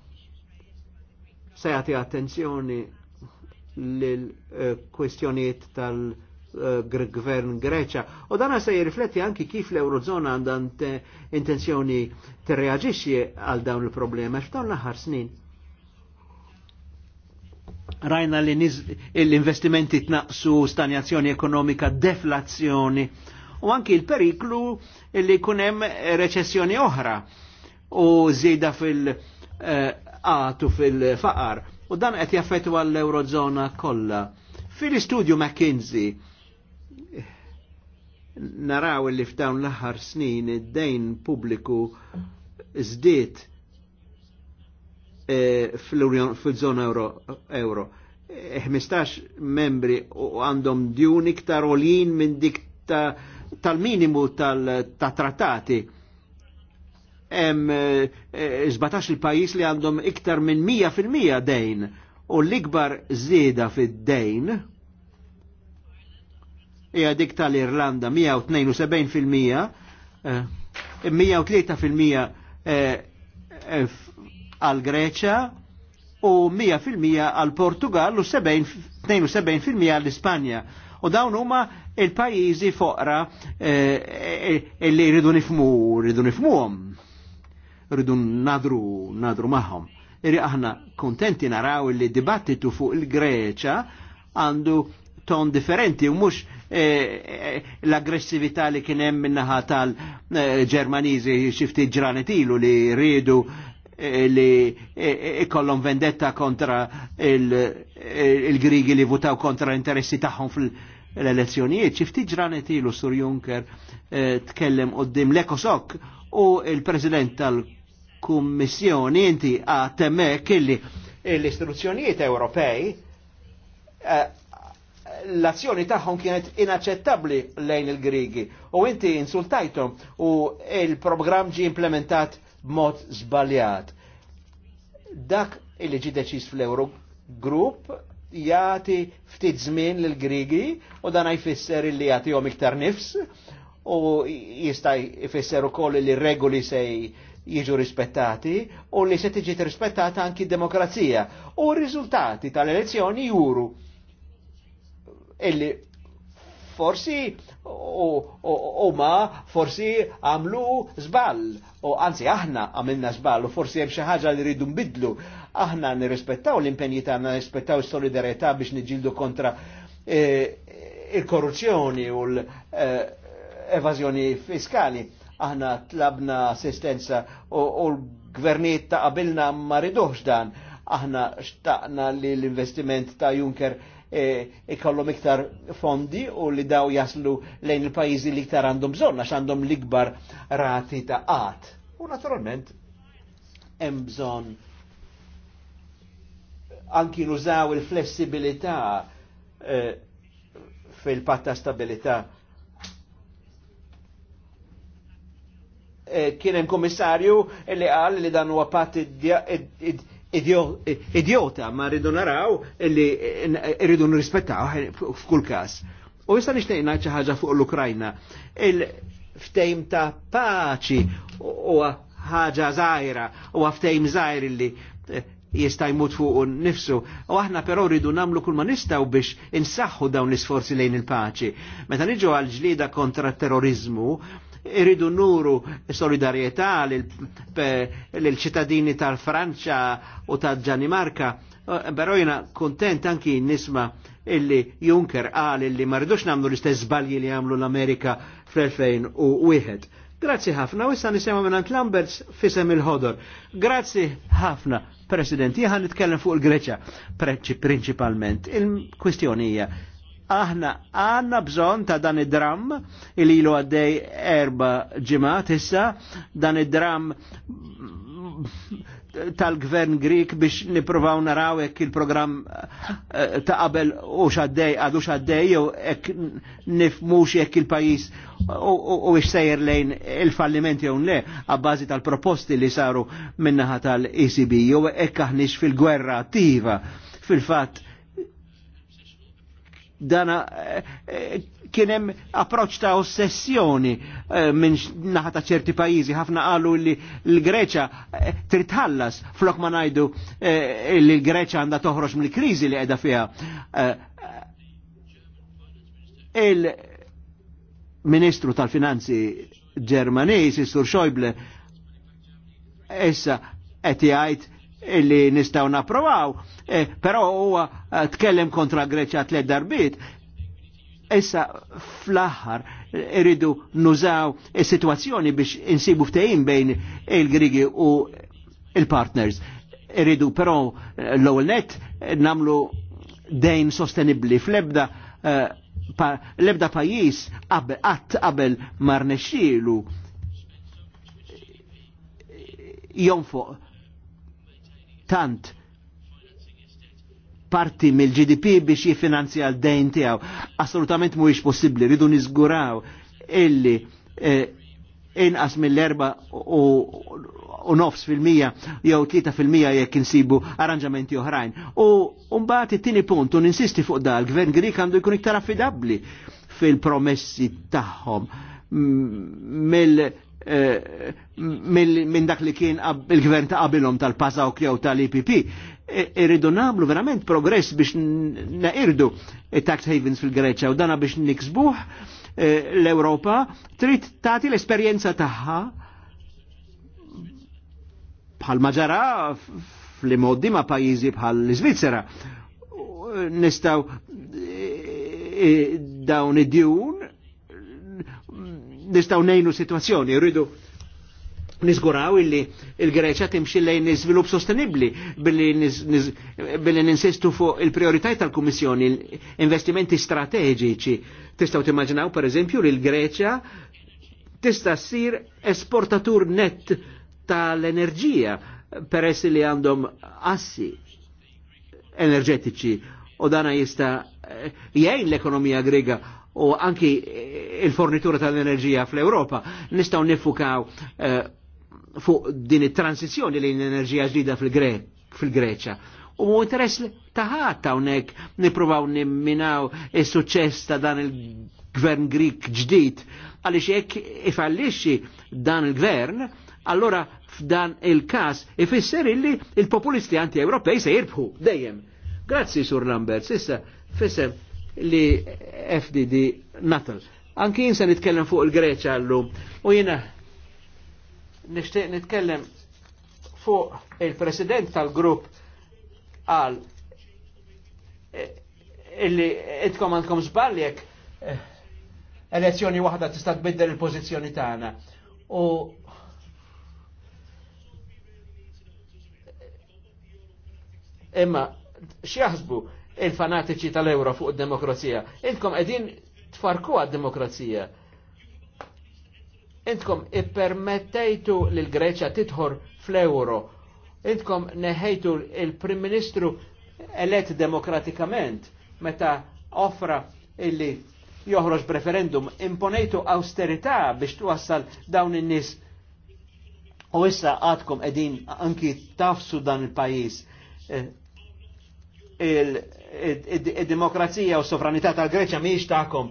se jagħti attenzjoni l-kwestjoniet eh, tal- eh, gvern Greċa. U dana se jirrifletti anki kif l-Eurozona għandha intenzjoni t-reagġiċi għal dawn il-problema f'dawn l snin rajna li l-investimenti tnaqsu stanjazzjoni ekonomika, deflazzjoni u anki il-periklu li kunem recessjoni oħra u zida fil-għatu eh, fil-faqar. U dan qed jaffetwa l-Eurozona kollha. Fil-istudju McKinsey naraw li f'dawn l-aħħar snin id-dejn pubbliku żdiet Eh, fil-zona euro. 15 eh, membri għandhom djun iktar olin minn dik tal-minimu tal-trattati. Hemm 17 eh, il-pajis li għandhom iktar minn 100% dejn u l-ikbar zieda fid-dejn hija dik tal-Irlanda 172%, 103% għal Greċa u 100% għal Portugal u 72% għal Ispanja. U dawn huma il-pajjiżi foqra eh, eh, eh, li rridu nifmu, rridu nifmuhom. Rridu nadru, nadru magħhom. Iri aħna kontenti naraw li dibattitu fuq il-Greċa għandu ton differenti u mux l-aggressività li kienem minnaħa tal-ġermaniżi xifti ġranet ilu li rridu li ikollhom vendetta kontra il-Grigi li votaw kontra l-interessi tagħhom fil-elezzjonijiet. Ċifti ġranet ilu Sur Juncker eh, tkellem qoddim l-Ekosok u il-President tal-Kummissjoni inti għatemmek illi l-istruzzjonijiet Ewropej eh, l-azzjoni tagħhom kienet inaċċettabbli lejn il-Grigi u inti insultajtom u il-programm ġi implementat b'mod zbaljat. Dak illi ġi deċis fl-Euro Group jati ftit żmien lil grigi u dan jfisser illi jom iktar nifs u jista' jfisser ukoll li regoli se jiġu rispettati u li se tiġi rispettata anki demokrazija. U r-riżultati tal-elezzjoni juru illi forsi u ma forsi għamlu zbal u anzi aħna għamilna zbal u forsi hemm xi ħaġa li rridu nbidlu aħna nirrispettaw l-impenji tagħna nirrispettaw is solidarieta biex niġildu kontra e, il-korruzzjoni u l-evażjoni e, fiskali aħna tlabna assistenza u l-gvernijiet ta' qabilna ma dan aħna xtaqna li l-investiment ta' Juncker ikollhom e, e iktar fondi u li daw jaslu lejn il-pajjiżi li iktar għandhom bżonn għax għandhom l-ikbar rati ta' qat. U naturalment hemm bżonn anki nużaw il-flessibilità e, fil-patta stabilità kien hemm kommissarju li qal li dan huwa patt idiota ma rridu naraw li rridu nirrispettaw f'kull każ. U issa nixtieq ngħid xi ħaġa fuq l-Ukrajna. Il-ftejm ta' paċi u ħaġa żgħira u ftejm żgħir li eh, jista' jmut fuq nifsu. U aħna però rridu nagħmlu kull ma nistgħu biex insaħħu dawn l-isforzi lejn il-paċi. Meta niġu għal ġlida kontra terrorizmu, Iridu nuru solidarietà l-ċittadini tal-Franċa u tal-Ġanimarka, eh, però jena kontent anki nisma illi Juncker għal illi maridux namlu l-istess balji li għamlu l-Amerika fl-2001. Grazzi ħafna, u issa nisema Ant Lamberts fisem il-ħodor. Grazzi ħafna, President, jħan nitkellem fuq il-Greċa, principalment. Il-kwistjonija, aħna għanna bżon ta' dan id-dram il ilu għaddej erba ġimat issa dan id-dram tal-gvern Grik biex niprovaw naraw jekk il-programm eh, ta' qabel u xaddej għadu xaddej jew jekk nifmux jekk il-pajis u ix sejjer lejn il-falliment jew le għabbażi tal-proposti li saru minnaħa tal-ECB jew jekk aħniex fil-gwerra attiva fil-fatt dana eh, eh, kienem approċ ta' ossessjoni eh, minn naħa ta' ċerti pajizi, ħafna qalu li l-Greċa tritħallas flok ma najdu li l-Greċa għanda toħroġ mill-krizi li għeda fiha. Il-Ministru tal-Finanzi il Sur Xojble, issa qed jgħid illi nistaw naprovaw, eh, però huwa eh, tkellem kontra Greċja tliet darbit. Issa fl-aħħar eh, iridu nużaw is-sitwazzjoni biex insibu ftehim bejn il-Grigi u il-partners. Iridu però eh, l-ewwel net namlu dejn sostenibbli fl-ebda l-ebda pajis qatt qabel mar nexxielu jonfoq tant parti mill-GDP biex jifinanzja l-dejn tiegħu. Assolutament mhuwiex possibbli, ridu niżguraw illi eh, inqas mill-erba u nofs fil-mija jew tlita fil-mija jekk insibu arranġamenti oħrajn. U mbagħad it-tieni punt u ninsisti fuq da l-Gvern Grik għandu jkun iktar affidabbli fil-promessi tagħhom mill Eh, minn dak li kien il-gvern ta' qabilhom tal-PASAW jew tal-IPP. E, irridu nagħmlu verament progress biex naqirdu tax havens fil-Greċja u dana biex niksbuh eh, l-Ewropa trid tagħti l-esperjenza tagħha bħal maġara fli moddi ma' pajjiżi bħal l-Svizzera. Eh, nistaw dawn id-djun nistaw nejnu situazzjoni, rridu nizguraw illi il-Greċa timxi lejn nizvilup sostenibli billi ninsistu fuq il-prioritajt tal-Kummissjoni, investimenti strateġiċi. Tistaw timmaġinaw per eżempju li l-Greċa tista' sir esportatur net tal-enerġija peress li għandhom assi enerġetiċi u dana jista' jgħin l-ekonomija grega u anki il-fornitura tal-enerġija fl-Europa nistaw nifukaw uh, fuq din it-transizjoni lejn enerġija ġdida fil-Greċa. U interess taħat hawnhekk nippruvaw nimminaw il suċċess ta' dan il-gvern Grik ġdid għalix jekk ifallixi dan il-gvern, allora f'dan il kas ifisser illi il-populisti anti-Ewropej se jirbħu dejjem. Grazzi Sur Lambert, sissa, fissem li FDD natal. Anki jinsa nitkellem fuq il-Greċa għallu u jina nishtiq nitkellem fuq il-president tal-grupp għal e, illi idkom għandkom zballjek e, elezzjoni waħda tista' tbiddel il-pożizzjoni tagħna. U imma x'jaħsbu il-fanatiċi tal-Euro fuq id-demokrazija. Intkom edin tfarku għad-demokrazija. Intkom ippermettejtu l-Greċa titħor fl-Euro. Intkom neħejtu il-Prim Ministru elett demokratikament meta offra illi joħroġ preferendum imponejtu austerità biex twassal dawn in-nies u issa għadkom edin anki tafsu dan il-pajis eh, il id-demokrazija u sovranità tal-Greċja miex tagħkom.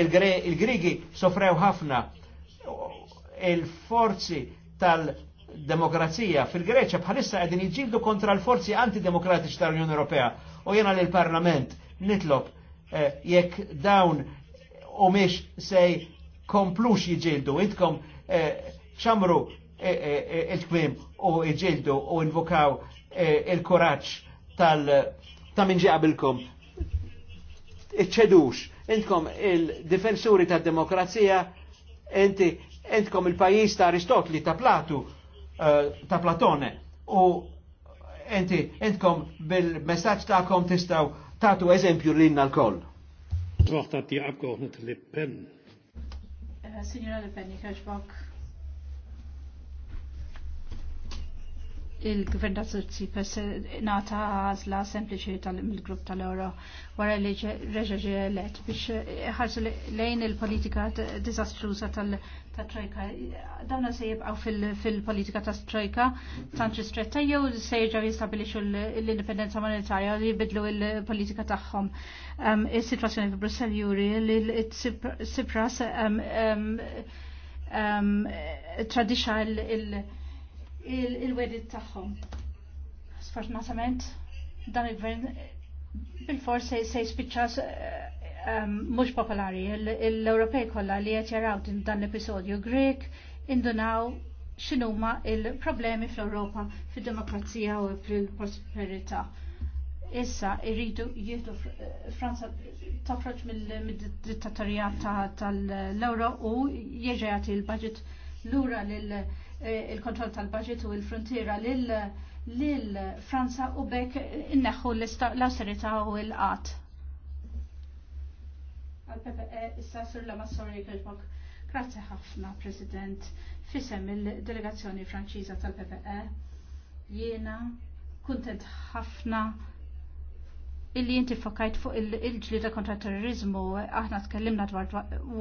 Il-Grigi sofrew ħafna il-forzi tal-demokrazija fil-Greċja bħalissa għedin iġildu kontra l-forzi antidemokratiċi tal-Unjoni Ewropea u jena l parlament nitlob eh, jekk dawn eh, eh, u miex sej komplux jiġildu, intkom ċamru il-kwim u iġildu u invokaw il-kuraċ tal- ta' minn ġi Iċċedux, intkom il-difensuri ta' demokrazija, inti intkom il-pajis ta' Aristotli, ta' Platu, eh, ta' Platone, u inti intkom bil ta' kom tistaw tatu eżempju l-inna l-koll. Waqt għabgħu Le Pen. Eh, Signora Le Pen, jikaxbok. il-gvern ta' pers nata għazla sempliċi tal-grupp tal-Euro wara li reġa ġelet biex ħarsu lejn il-politika dizastruża tal-Trojka. Dawna se jibqaw fil-politika ta' Trojka tant ristretta jew se jġaw jistabilixu l-indipendenza monetarja li jibidlu il-politika tagħhom. Is-sitwazzjoni fi Brussel juri li l-Sipras tradixa il- il-wedit tagħhom. Sfortunatament, dan il-gvern bil-fors se jispiċċa eh, eh, mhux popolari. L-Ewropej kollha li qed jaraw dan l-episodju Grek indunaw x'inhuma il-problemi fl-Ewropa fil demokrazija u fil-prosperità. Issa irridu jieħdu eh, Franza toħroġ mill dittatorija tal-Ewro u jieġajati l-budget lura lill- Eh, il-kontroll tal-budget u l-frontiera lil Franza u bekk inneħħu l-austerità u l-qat. għal Pepe issa sur la massori kħedbok. Grazie ħafna, President. Fisem il-delegazzjoni franċiża tal-PPE. Jiena kuntent ħafna illi inti fakajt fuq il-ġlida kontra terrorizmu, aħna tkellimna dwar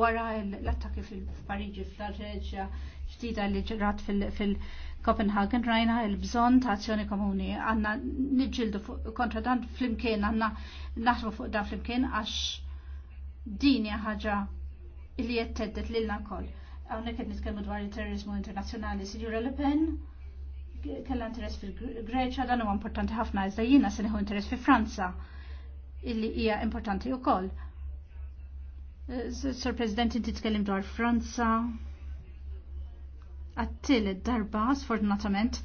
wara l-attakki fil-Pariġi fl-Alġeġja ġdida li ġirat fil-Copenhagen rajna il-bżon ta' azzjoni komuni. Għanna nġildu kontra dan flimkien imkien għanna naħdmu fuq dan flimkien għax din ħaġa illi jettedet lilna kol. Għawnek għed nitkellmu dwar il-terrorizmu internazjonali, Signora Le Pen, kella interess fil-Greċa, dan huwa importanti ħafna, iżda jiena se interess fi Franza illi hija importanti wkoll. Eh, Sir President, inti tkellim dwar Franza. id darba, sfortunatament,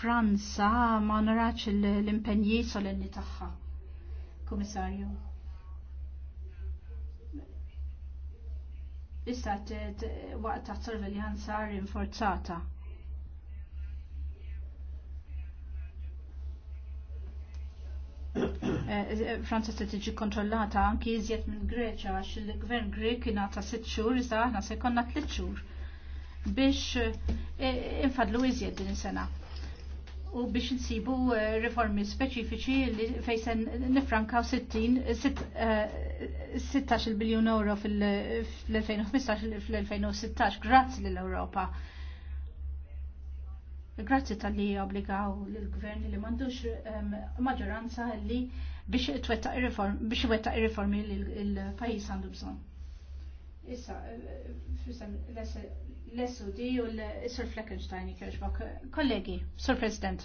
Franza ma narax l-impenji solenni tagħha. Komissarju. Issa waqt ta' sorveljanza rinforzata Eh, Franza se tiġi kontrollata anki iżjed minn Greċa għax il-gvern Grek ingħata sitt xhur iżda aħna se jkollna tliet xhur biex eh, infadlu iżjed din is-sena u biex nsibu eh, riformi speċifiċi fejn se nifrankaw 16 biljun euro fil-2015 fil-2016 grazzi lill-Ewropa. Grazzi tal-li obbligaw l-gvern li m'għandux ehm, maġġoranza li biex twetta ir biex iwettaq ir-riformi li pajjiż għandu bżonn. Issa, fisem l-SUD u l-Sir Fleckenstein jkerġbok. Kollegi, Sir President,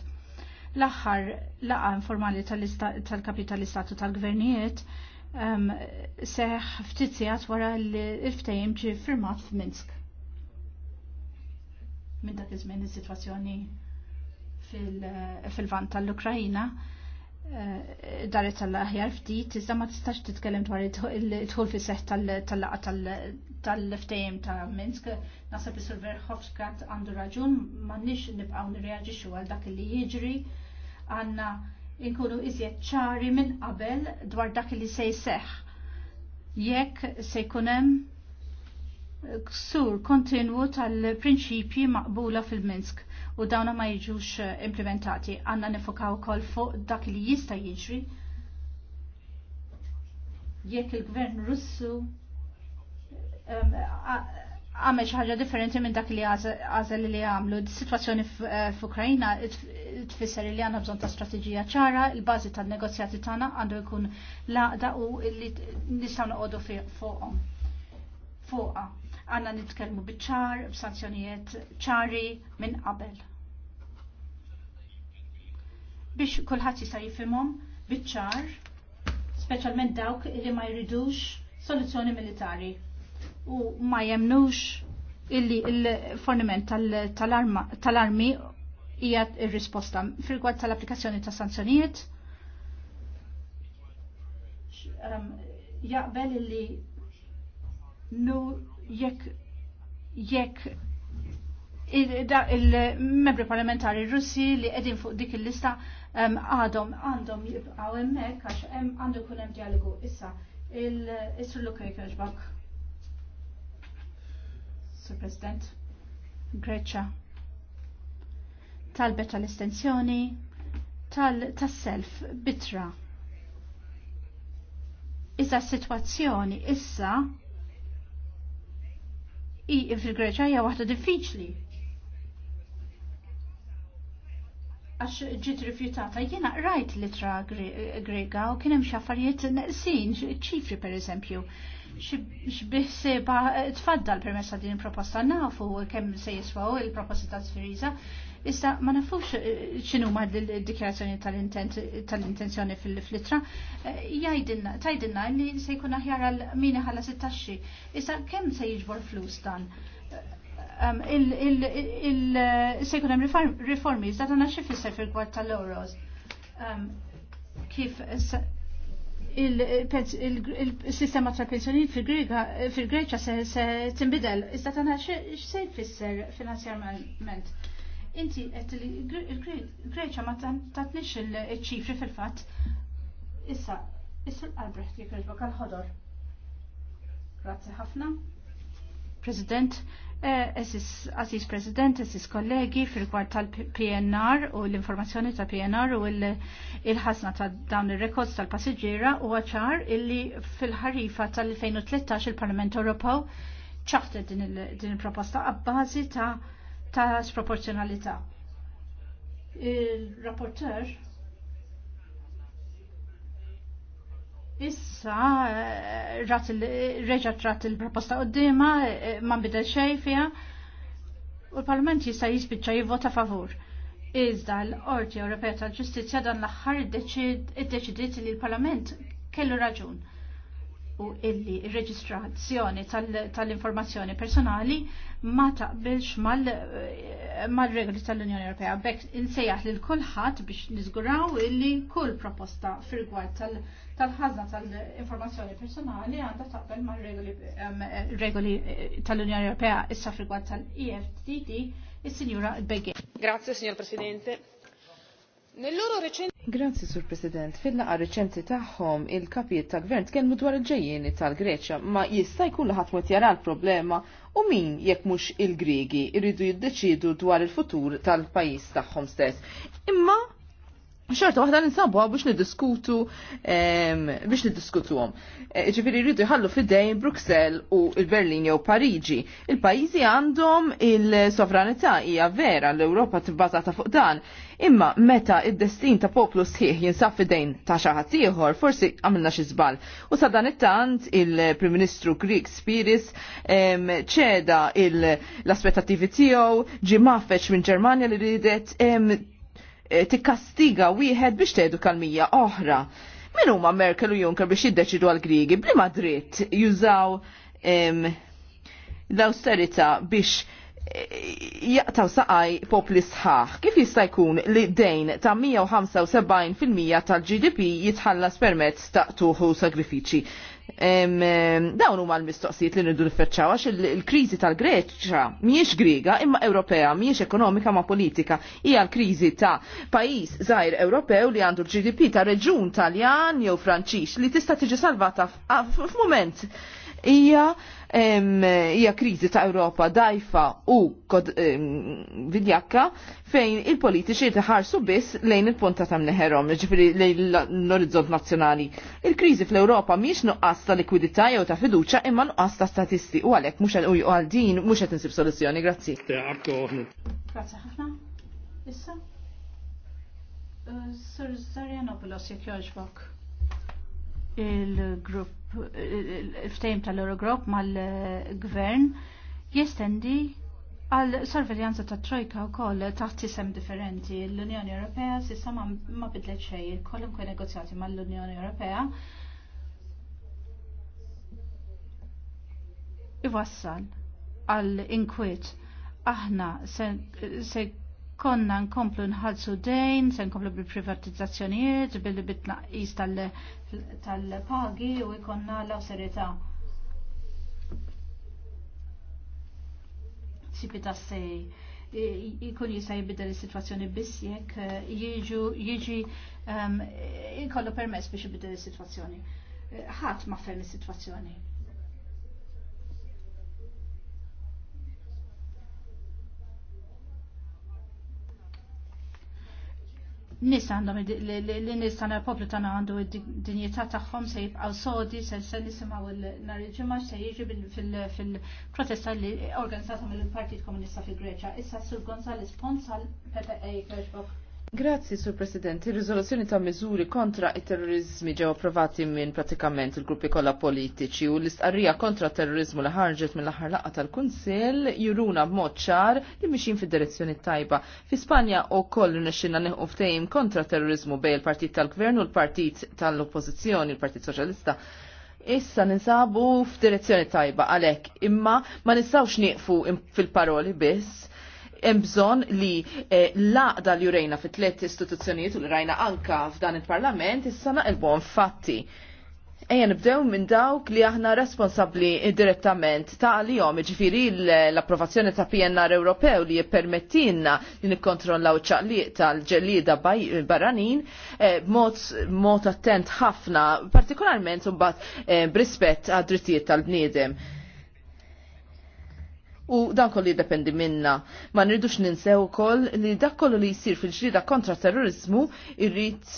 l-aħħar laqa informali tal-kapitalistatu tal-gvernijiet seħ ftizijat wara l iftajim ġi firmat f'Minsk. Minn dak iż-żmien is-sitwazzjoni fil-vant tal-Ukrajina daret tal-aħjar ftit, iżda ma tistax titkellem dwar id-dħul fis seħ tal-laqa tal-ftejjem ta' Minsk. Nasab is Verhofstadt għandu raġun, ma nix nibqaw għal dak li jiġri, għanna inkunu iżjed ċari minn qabel dwar dak li se jseħħ. Jekk se jkunem ksur kontinwu tal-prinċipji maqbula fil-Minsk u dawna ma jiġux eh, implementati. Għanna nifokaw kol fuq dak li jista jiġri jekk il-gvern russu għamel xaħġa ħaġa differenti minn dak li għażel li għamlu. Situazzjoni eh, f'Ukrajna tfisser li għandna bżonn ta' strateġija ċara, il-bażi tan-negozjati tagħna għandu jkun laqda u li nistgħu noqogħdu fuqhom. Fuqa għanna nitkellmu biċ-ċar, b'sanzjonijiet ċari minn qabel. Biex kulħadd jista' jifhimhom biċ-ċar, speċjalment dawk li ma jridux soluzzjoni militari u ma jemnux illi il-forniment tal-armi hija r risposta fil tal-applikazzjoni ta' sanzjonijiet ehm, jaqbel illi nu jekk jekk il-membri parlamentari russi li edin fuq dik il-lista għadhom għandhom jibqaw emmek għax għandu kun hemm dialogu issa il-Isru Lukaj Kirchbach. Sur President, Greċa. Talbet tal-estensjoni, tal-self bitra. Iza situazzjoni issa i fil-Greċa hija waħda diffiċli. Għax ġiet rifjutata jiena rajt litra grega u kien hemm xi affarijiet neqsin, ċifri pereżempju. Xbiħseba tfaddal permessa din il-proposta nafu kemm se jiswaw il-proposta ta' Sfiriza Issa ma nafux eh, x'inhu ma d-dikjarazzjoni tal-intenzjoni fil-flittra, eh, jgħidilna tajdilna li se jkun aħjar għal mini ħala 16. Issa kemm se jiġbor flus dan? Eh, se jkun hemm riformi, iżda dan xi fisser fil-gwad tal-Euros. Kif il-sistema ta' pensjoniet fil-Greċa se timbidel. Iżda tana xej fisser finanzjarment. Inti qed li Greċja ma tatniex il-ċifri fil-fatt. Issa, issa l-Albrecht jekk jogħġbok għal-ħodor. Grazzi ħafna. President, eh, Aziz President, Aziz kollegi, fil-gwar tal-PNR u l-informazzjoni ta' PNR u il-ħasna ta' dawn il-rekords tal-passiġġiera u għacħar illi fil-ħarifa tal-2013 il-Parlament Ewropew ċaħtet din il-proposta għabbażi ta' ta' sproporzjonalità. Il-rapporter issa eh, reġa trat il-proposta għoddima eh, ma bida xej fiha u l-Parlament jista' jispiċċa jivvota favur. Iżda l-Qorti Ewropea tal-Ġustizzja dan l-aħħar iddeċidiet li l-Parlament kellu raġun u illi il-reġistrazzjoni tal-informazzjoni personali ma taqbilx eh, mal-regoli tal-Unjoni Ewropea. Bekk insejjaħ lil kulħadd biex nizguraw illi kull proposta firgward tal-ħazna tal-informazzjoni personali għandha taqbel mal-regoli eh, eh, tal-Unjoni Ewropea issa firgward tal eftd is-Sinjura Begge. Grazie, Signor Presidente Grazzi, Sur President. Fil-laqa reċenti tagħhom il-kapijiet ta' gvern tkellmu dwar il-ġejjieni tal-Greċja, ma jista' jkun li ħadd jara l-problema u min jekk mhux il-Griegi irridu jiddeċidu dwar il-futur tal-pajjiż tagħhom stess. Imma xorta waħda ninsabuha biex nidiskutu biex niddiskutuhom. E, ġifiri jridu jħallu fidejn Bruxelles u il-Berlin jew Pariġi. Il-pajjiżi għandhom il-sovranità hija vera l-Ewropa tibbażata fuq dan. Imma meta id-destin ta' poplu sħiħ jinsab fidejn ta' xi ħadd ieħor, forsi għamilna xi żball. U sa dan it-tant il-Prim Ministru Greek Spiris ċeda l-aspettattivi tiegħu ġie mafeċ minn Ġermanja li ridet tikkastiga wieħed biex tgħidu kalmija oħra. Min huma Merkel u Juncker biex jiddeċidu għal-Griegi bli dritt jużaw l austerità biex eh, jaqtaw saqaj popli sħaħ. Kif jista' jkun li dejn ta' 175% tal-GDP jitħallas permezz ta' tuħu sagrifiċi? dawn huma l-mistoqsijiet li nridu nifferċaw għax il-kriżi tal-Greċċa mhijiex Griega imma Ewropea mhijiex ekonomika ma' politika hija l-kriżi ta' pajjiż żgħir Ewropew li għandu l-GDP ta' reġun Taljan jew Franċix li tista' tiġi salvata f'mument hija hija kriżi ta' Ewropa dajfa u vidjakka fejn il-politiċi tħarsu biss lejn il-punta ta' mneħerom, ġifiri l-orizzont nazzjonali. Il-kriżi fl-Ewropa miex nuqqas ta' likwidità jew ta' fiduċa imma nuqqas ta' statisti u għalhekk mhux għal din mhux qed insib soluzjoni. Grazzi. Grazzi ħafna. Issa? Uh, Sir Zarjanopoulos, il-grupp il-ftejm tal-Eurogrupp mal-gvern jestendi għal sorveljanza ta' trojka u koll taħt isem differenti l-Unjoni Ewropea sissa ma bidlet xej kollum kwe negozjati mal-Unjoni Ewropea iwassal għal inkwiet aħna se konna nkomplu nħalsu dejn, se nkomplu bil-privatizzazzjonijiet, billi bitnaqis tal-pagi u jkonna l-awserita. Sipi ta' sej. Ikun jista' jibidel is-sitwazzjoni biss jekk eh, jiġi jkollu ehm, permess biex jibidel is-sitwazzjoni. Eh, ħadd ma' fem is-sitwazzjoni nis għandhom l-nis tana l-poplu tana għandu id-dinjità tagħhom se jibqaw sodi se se nisimaw il-ġimgħa se jieġi fil-protesta li organizzata mill-Partit Komunista fil greċa Issa Sur Gonzales Pons għal PPA Kirchbock. Grazzi, Sur President. Il-rizoluzzjoni ta' miżuri kontra il-terrorizmi ġew approvati minn pratikament il-gruppi kollha politiċi u l-istqarrija kontra terrorizmu li ħarġet mill-aħħar laqgħa tal-Kunsill juruna b'mod ċar li mixin fid-direzzjoni tajba. Fi Spanja wkoll nexxinna neħu ftehim kontra terrorizmu bejn il-Partit tal-Gvern u l-Partit tal-Oppożizzjoni, il-Partit Soċjalista issa ninsabu f'direzzjoni tajba għalhekk imma ma nistgħux nieqfu fil-paroli biss, hemm bżonn li eh, laqda li jurejna fit tliet istituzzjonijiet u li rajna anka f'dan il-Parlament issa naqilbhom fatti. Ejja nibdew minn dawk li aħna responsabbli direttament ta' għalihom, ġifiri l-approvazzjoni ta' PNR Ewropew li jippermettilna li nikkontrollaw ċaqliq tal-ġelida barranin eh, b'mod attent ħafna, partikolarment bat eh, brispett għad drittijiet tal-bniedem u dan kollu jiddependi minna. Ma nridux ninsew ukoll li dak kollu li jsir fil-ġrida kontra terrorizmu irrit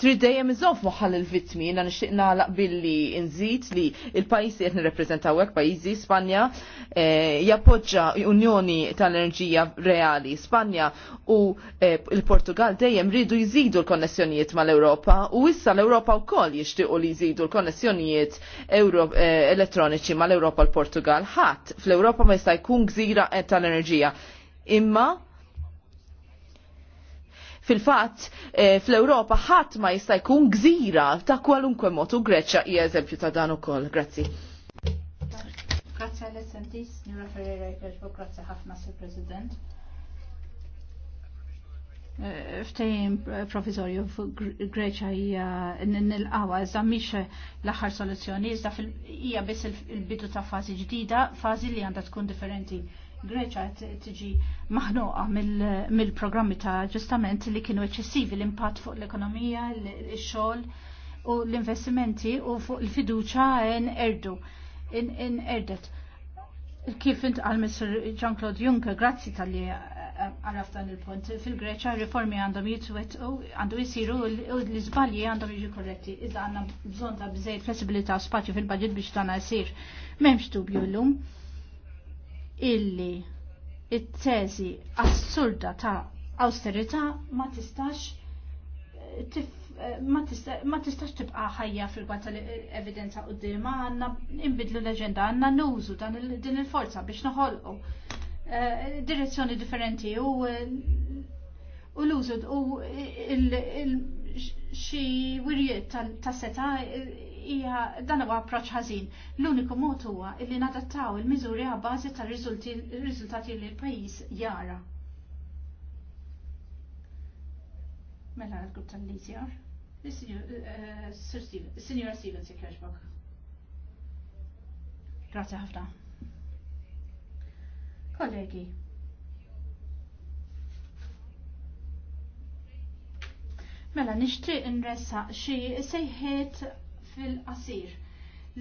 trid dejjem iżomm moħħal il-vittmi, jiena nixtieq nagħlaq billi nżid li l-pajjiżi qed nirrepreżentaw hekk pajjiżi Spanja eh, jappoġġa Unjoni tal-Enerġija Reali. Spanja u eh, il-Portugal dejjem ridu jżidu l-konnessjonijiet mal-Ewropa u issa l-Ewropa wkoll jixtiequ li jżidu l-konnessjonijiet eh, elettroniċi mal-Ewropa l-Portugal. Ħadd fl-Ewropa ma jista' jkun gżira tal-enerġija. Imma Fil-fatt, eh, fl-Europa ħadd ma jista' jkun gżira ta' kwalunkwe mod u Greċċa hija eżempju ta' dan ukoll. Grazzi. Grazzi għal sentis ħafna e Sir President. Eh, Ftejn provizorju f'Greċa hija nilqawa iżda mhix l-aħħar soluzzjoni, iżda hija biss il-bidu ta' fażi ġdida, fażi li għandha tkun differenti Greċa tiġi maħnuqa mill-programmi ta' ġustament li kienu eċessivi l-impatt fuq l-ekonomija, l-xogħol u l-investimenti u fuq il-fiduċa erdu in erdet. Kif int għal Mr. Jean-Claude Juncker, grazzi tal-li eh, eh, għaraf dan il-punt, fil-Greċa riformi għandhom jitwet u għandu jisiru u l-izbalji għandhom jiġi korretti. Iza għanna bżon ta' bżejt flessibilita' spazju fil-budget biex dan jisir. Memx dubju l-lum illi it-tezi assurda ta' austerità ma tistax eh, eh, ma tistax tibqa' ħajja fil-gwad tal-evidenza qudiema għandna imbidlu l-aġenda għandna nużu dan din il-forza biex naħolqu eh, direzzjoni differenti u u l-użu u xi wirjiet ta' seta hija dan huwa approċċ ħażin. L-uniku mod huwa li nadattaw il-miżuri għal bażi tar-riżultati li l-pajjiż jara. Mela l-grupp tal-Lizjar. Signora eh, Stevens, jekħeġbok. Grazie ħafna. Kollegi, Mela, nixtieq nressaq xi sejħiet fil-qasir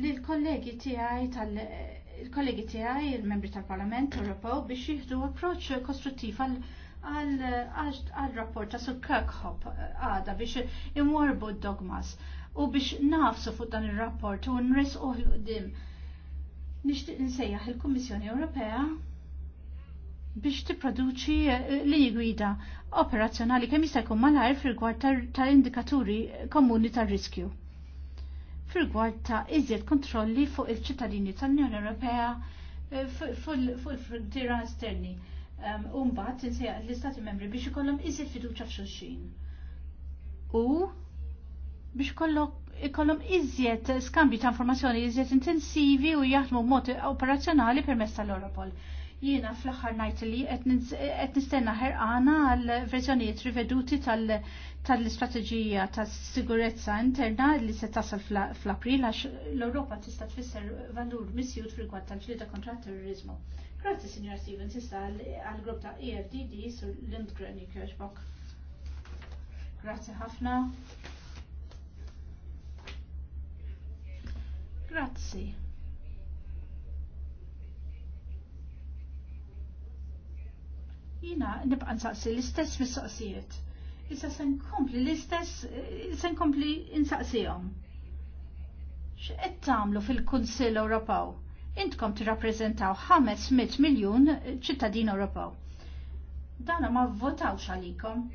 li l-kollegi tiegħi tal il-kollegi tiegħi il-membri tal-Parlament Ewropew biex jieħdu approċċ kostruttiv għal rapport ta' Sur Kirkhop eh, għada biex imwarbu d-dogmas u biex nafsu fuq dan ir-rapport u nresqu l qudiem Nixtieq nsejjaħ il-Kummissjoni Ewropea biex tipproduċi eh, li gwida operazzjonali kemm jista' jkun malajr fil-gwar tal-indikaturi komuni tar-riskju fil gwart ta' iżjed kontrolli fuq il-ċittadini tal-Unjoni Ewropea eh, fuq il-frontiera esterni. Ehm, Umbat insejaq l-Istati membri biex ikollhom iżjed fiduċa f'xulxin. U biex ikollhom iżjed skambju ta' informazzjoni iżjed intensivi u jaħdmu mod operazzjonali permezz tal-Europol jiena fl aħħar ngħid li qed nistenna ħerqana għal verżjonijiet riveduti tal- tal-istrateġija ta' sigurezza interna li se tasal fl-April għax l-Europa tista' tfisser valur misjut frikwat tal-ġlida kontra terrorizmu. Grazzi, Signora Stevens, issa għal-grupp ta' EFDD sur Lindgren Kirchbock. Grazzi ħafna. Grazzi. Jina nibqa' nsaqsi l-istess mis-soqsijiet Issa se nkompli l-istess, eh, se nkompli insaqsijom. X'qed tagħmlu fil-Kunsill Ewropew? Intkom tirrappreżentaw 500 miljun ċittadin Ewropew. Dana ma votawx għalikom.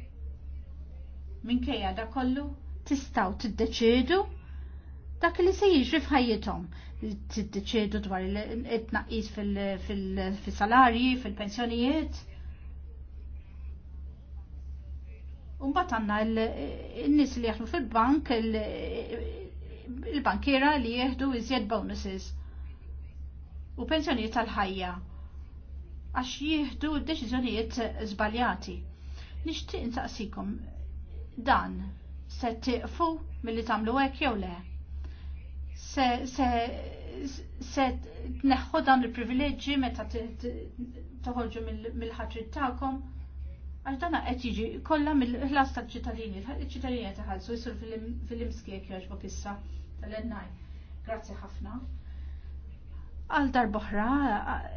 Minkejja da kollu tistgħu tiddeċiedu dak li se jiġri f'ħajjithom. Tiddeċiedu dwar it-tnaqqis fil-salarji, fil-pensjonijiet. Fil bat għanna il-nis li jaħnu fil-bank, il-bankiera li jieħdu iżjed bonuses u pensjoniet tal-ħajja għax jieħdu deċiżjonijiet zbaljati. Nixtieq insaqsikom dan se tiqfu milli tagħmlu hekk jew le. Se se se dan il-privileġġi meta toħolġu mill-ħaġrit tagħkom għal dana qed jiġi kollha mill-ħlas tal ċitalini il-ċittadini qed iħallsu jsur fil-imskiek jogħġbok issa tal-ennaj. Grazzi ħafna. Għal darboħra,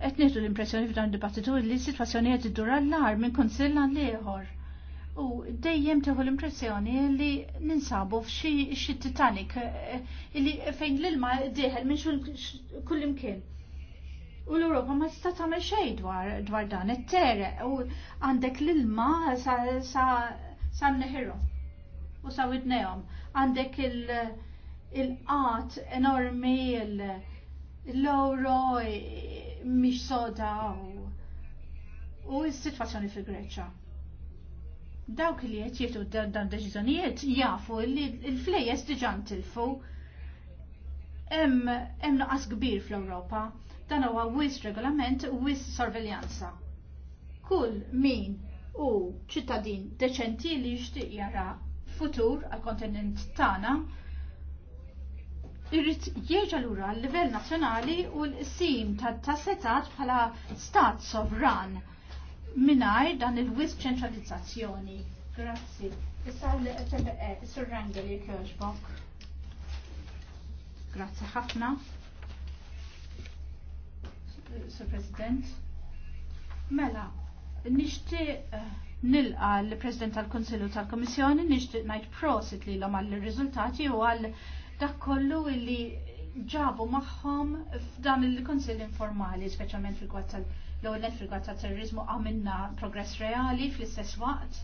qed nieħdu l-impressjoni f'dan dibattitu li s-sitwazzjoni qed iddur allar minn kunsill għal ieħor. U dejjem teħu l-impressjoni li ninsabu f'xi Titanic, eh, illi fejn l-ilma dieħel minn kull imkien U l-Europa ma tista' tagħmel xejn dwar dwar dan it-tereq u għandek l-ilma sa sa sa u sa widnejhom. Għandek il-qat enormi l-lowro mhix soda u s-sitwazzjoni fil-Greċċa. Dawk li qed jieħdu dan deċiżjonijiet jafu li l-flejjes diġà ntilfu hemm nuqqas kbir fl-Ewropa Dan huwa wis regolament, wis sorveljanza. Kull min u ċittadin deċenti li jixtieq jara futur għal kontinent tagħna irrid jieġa lura għal livell nazzjonali u l-sim tat-tassetat bħala stat sovran mingħajr dan il-wis ċentralizzazzjoni. Grazzi. Issa l-TBE, Sir Rangel, jek Grazzi ħafna. Sir President. Mela, nishti eh, nilqa l-President tal-Konsilju tal-Komissjoni, nishti najt prosit li l-om għall-rizultati u għall dak kollu li ġabu maħħom f'dan il-Konsilju informali, specialment fil-gwad tal-lowlet fil-gwad tal-terrorizmu għamilna progress reali fl-istess waqt,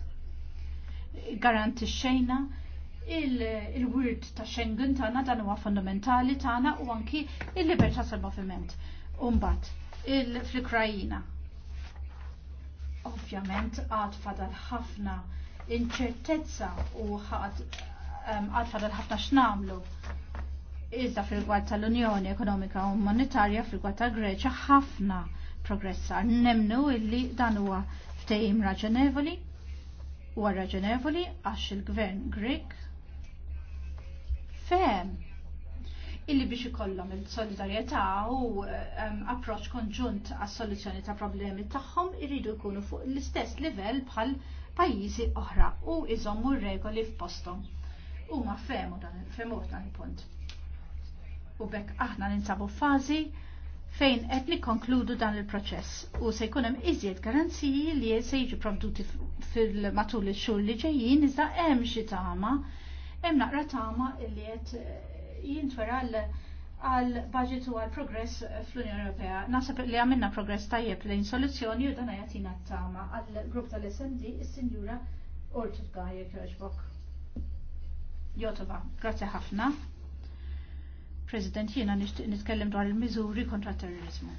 garanti xejna il-word ta' Schengen tagħna dan huwa fondamentali tagħna u anki il-libertà tal-moviment. Umbat, il fl Ovvjament għad fadal ħafna inċertezza u għad fadal ħafna x'namlu. Iżda fil-gwad tal-Unjoni Ekonomika u Monetarja fil-gwad tal-Greċa ħafna progressar. Nemnu illi dan huwa ftehim raġonevoli u raġonevoli għax il-gvern Grek fem illi biex ikollhom il-solidarjetà u um, approċċ konġunt għas soluzzjoni ta' problemi tagħhom iridu jkunu fuq l-istess livell bħal pajjiżi oħra u iżommu regoli f'posthom. Huma femu dan femu dan il-punt. U bekk aħna ninsabu fażi fejn qed nikkonkludu dan il-proċess u se jkun hemm iżjed garanziji li se jiġu provduti fil-matul ix-xhur li ġejjin iżda hemm xi tama hemm naqra tama li qed jintwera għal budget u għal progress fl-Unjoni Ewropea. Nasab li għamilna progress tajjeb lejn soluzzjoni u dan għajatina t-tama għal grupp tal-SND il-Sinjura Ortega Jekjoġbok. Jotova, grazie ħafna. President, jiena nixtieq nitkellem dwar il-miżuri kontra terrorizmu.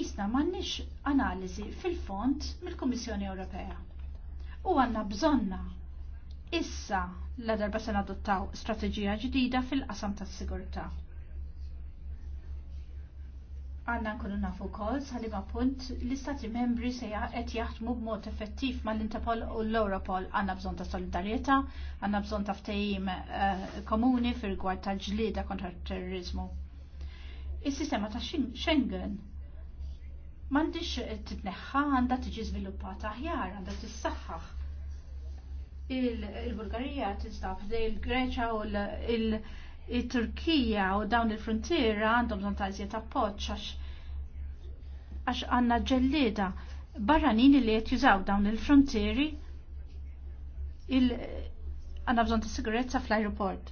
Isna m'għandniex analiżi fil-fond mill-Kummissjoni Ewropea. U għandna bżonna issa la darba se nadottaw strateġija ġdida fil-qasam tas-sigurtà. Għanna nkunu nafu wkoll sal punt l-istati membri se qed jaħdmu b'mod effettiv mal-Interpol u l-Europol għandna bżonn ta' solidarjetà, għandna bżonn ta' ftehim eh, komuni fir-rigward tal-ġlieda kontra terrorizmu. Is-sistema ta' Schengen m'għandix titneħħa għandha tiġi ħjar, aħjar, għandha tissaħħaħ il-Bulgarija tista' f'dej il-Greċa u il-Turkija u dawn il-frontiera għandhom bżon ta' poċ appoġġ għax għandna ġellida barranin li qed jużaw dawn il-frontieri għandna għanna bżon ta' sigurezza fl-aeroport.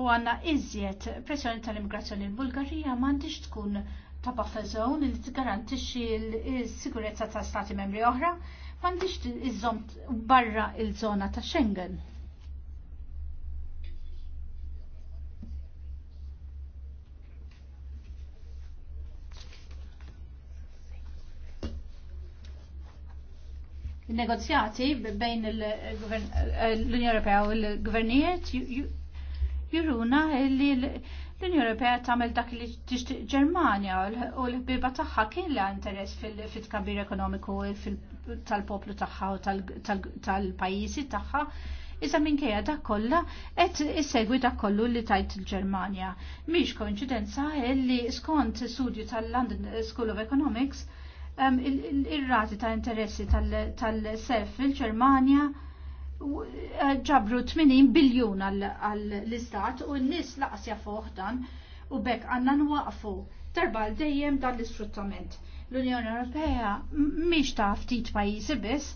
U għanna iżjed pressjoni tal-immigrazzjoni l-Bulgarija mandiġ tkun ta' buffer zone li t-garantixi l-sigurezza ta' stati membri oħra m'għandix iżomt barra il-żona ta' Schengen. negozjati bejn l-Unjoni Ewropea u l-Gvernijiet juruna li L-Unjoni Ewropea tagħmel dak li tixtieq Ġermanja u l-ħbiba tagħha li interess fil-tkabbir ekonomiku tal-poplu tagħha u tal-pajjiżi tagħha. Iżda minkejja dak kollha qed isegwi dak kollu li tajt il-Ġermanja. Mhix koinċidenza li skont studju tal-London School of Economics um, ir-rati ta' interessi tal-self fil-Ġermanja ġabru 80 biljun għall-istat u n-nis laqsja fuq dan u bekk għanna nwaqfu darba dejjem dan l-isfruttament. L-Unjoni Ewropea miex ta' ftit pajjiżi biss,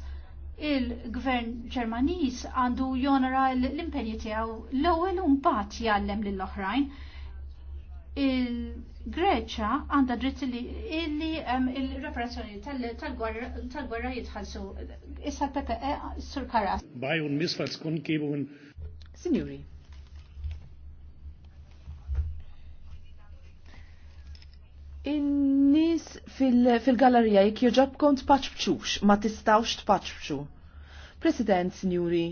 il-gvern Ġermaniż għandu jonora l-impenji tiegħu l-ewwel un mbagħad jgħallem lill-oħrajn Greċa għanda dritt li il-reparazzjoni tal-gwerra jitħalsu. Issa e, sur karas. Baj un skun kibu un. Signori. In-nis fil-gallerija jek kont paċbċux, ma tistawx tpaċbċu. President, signori,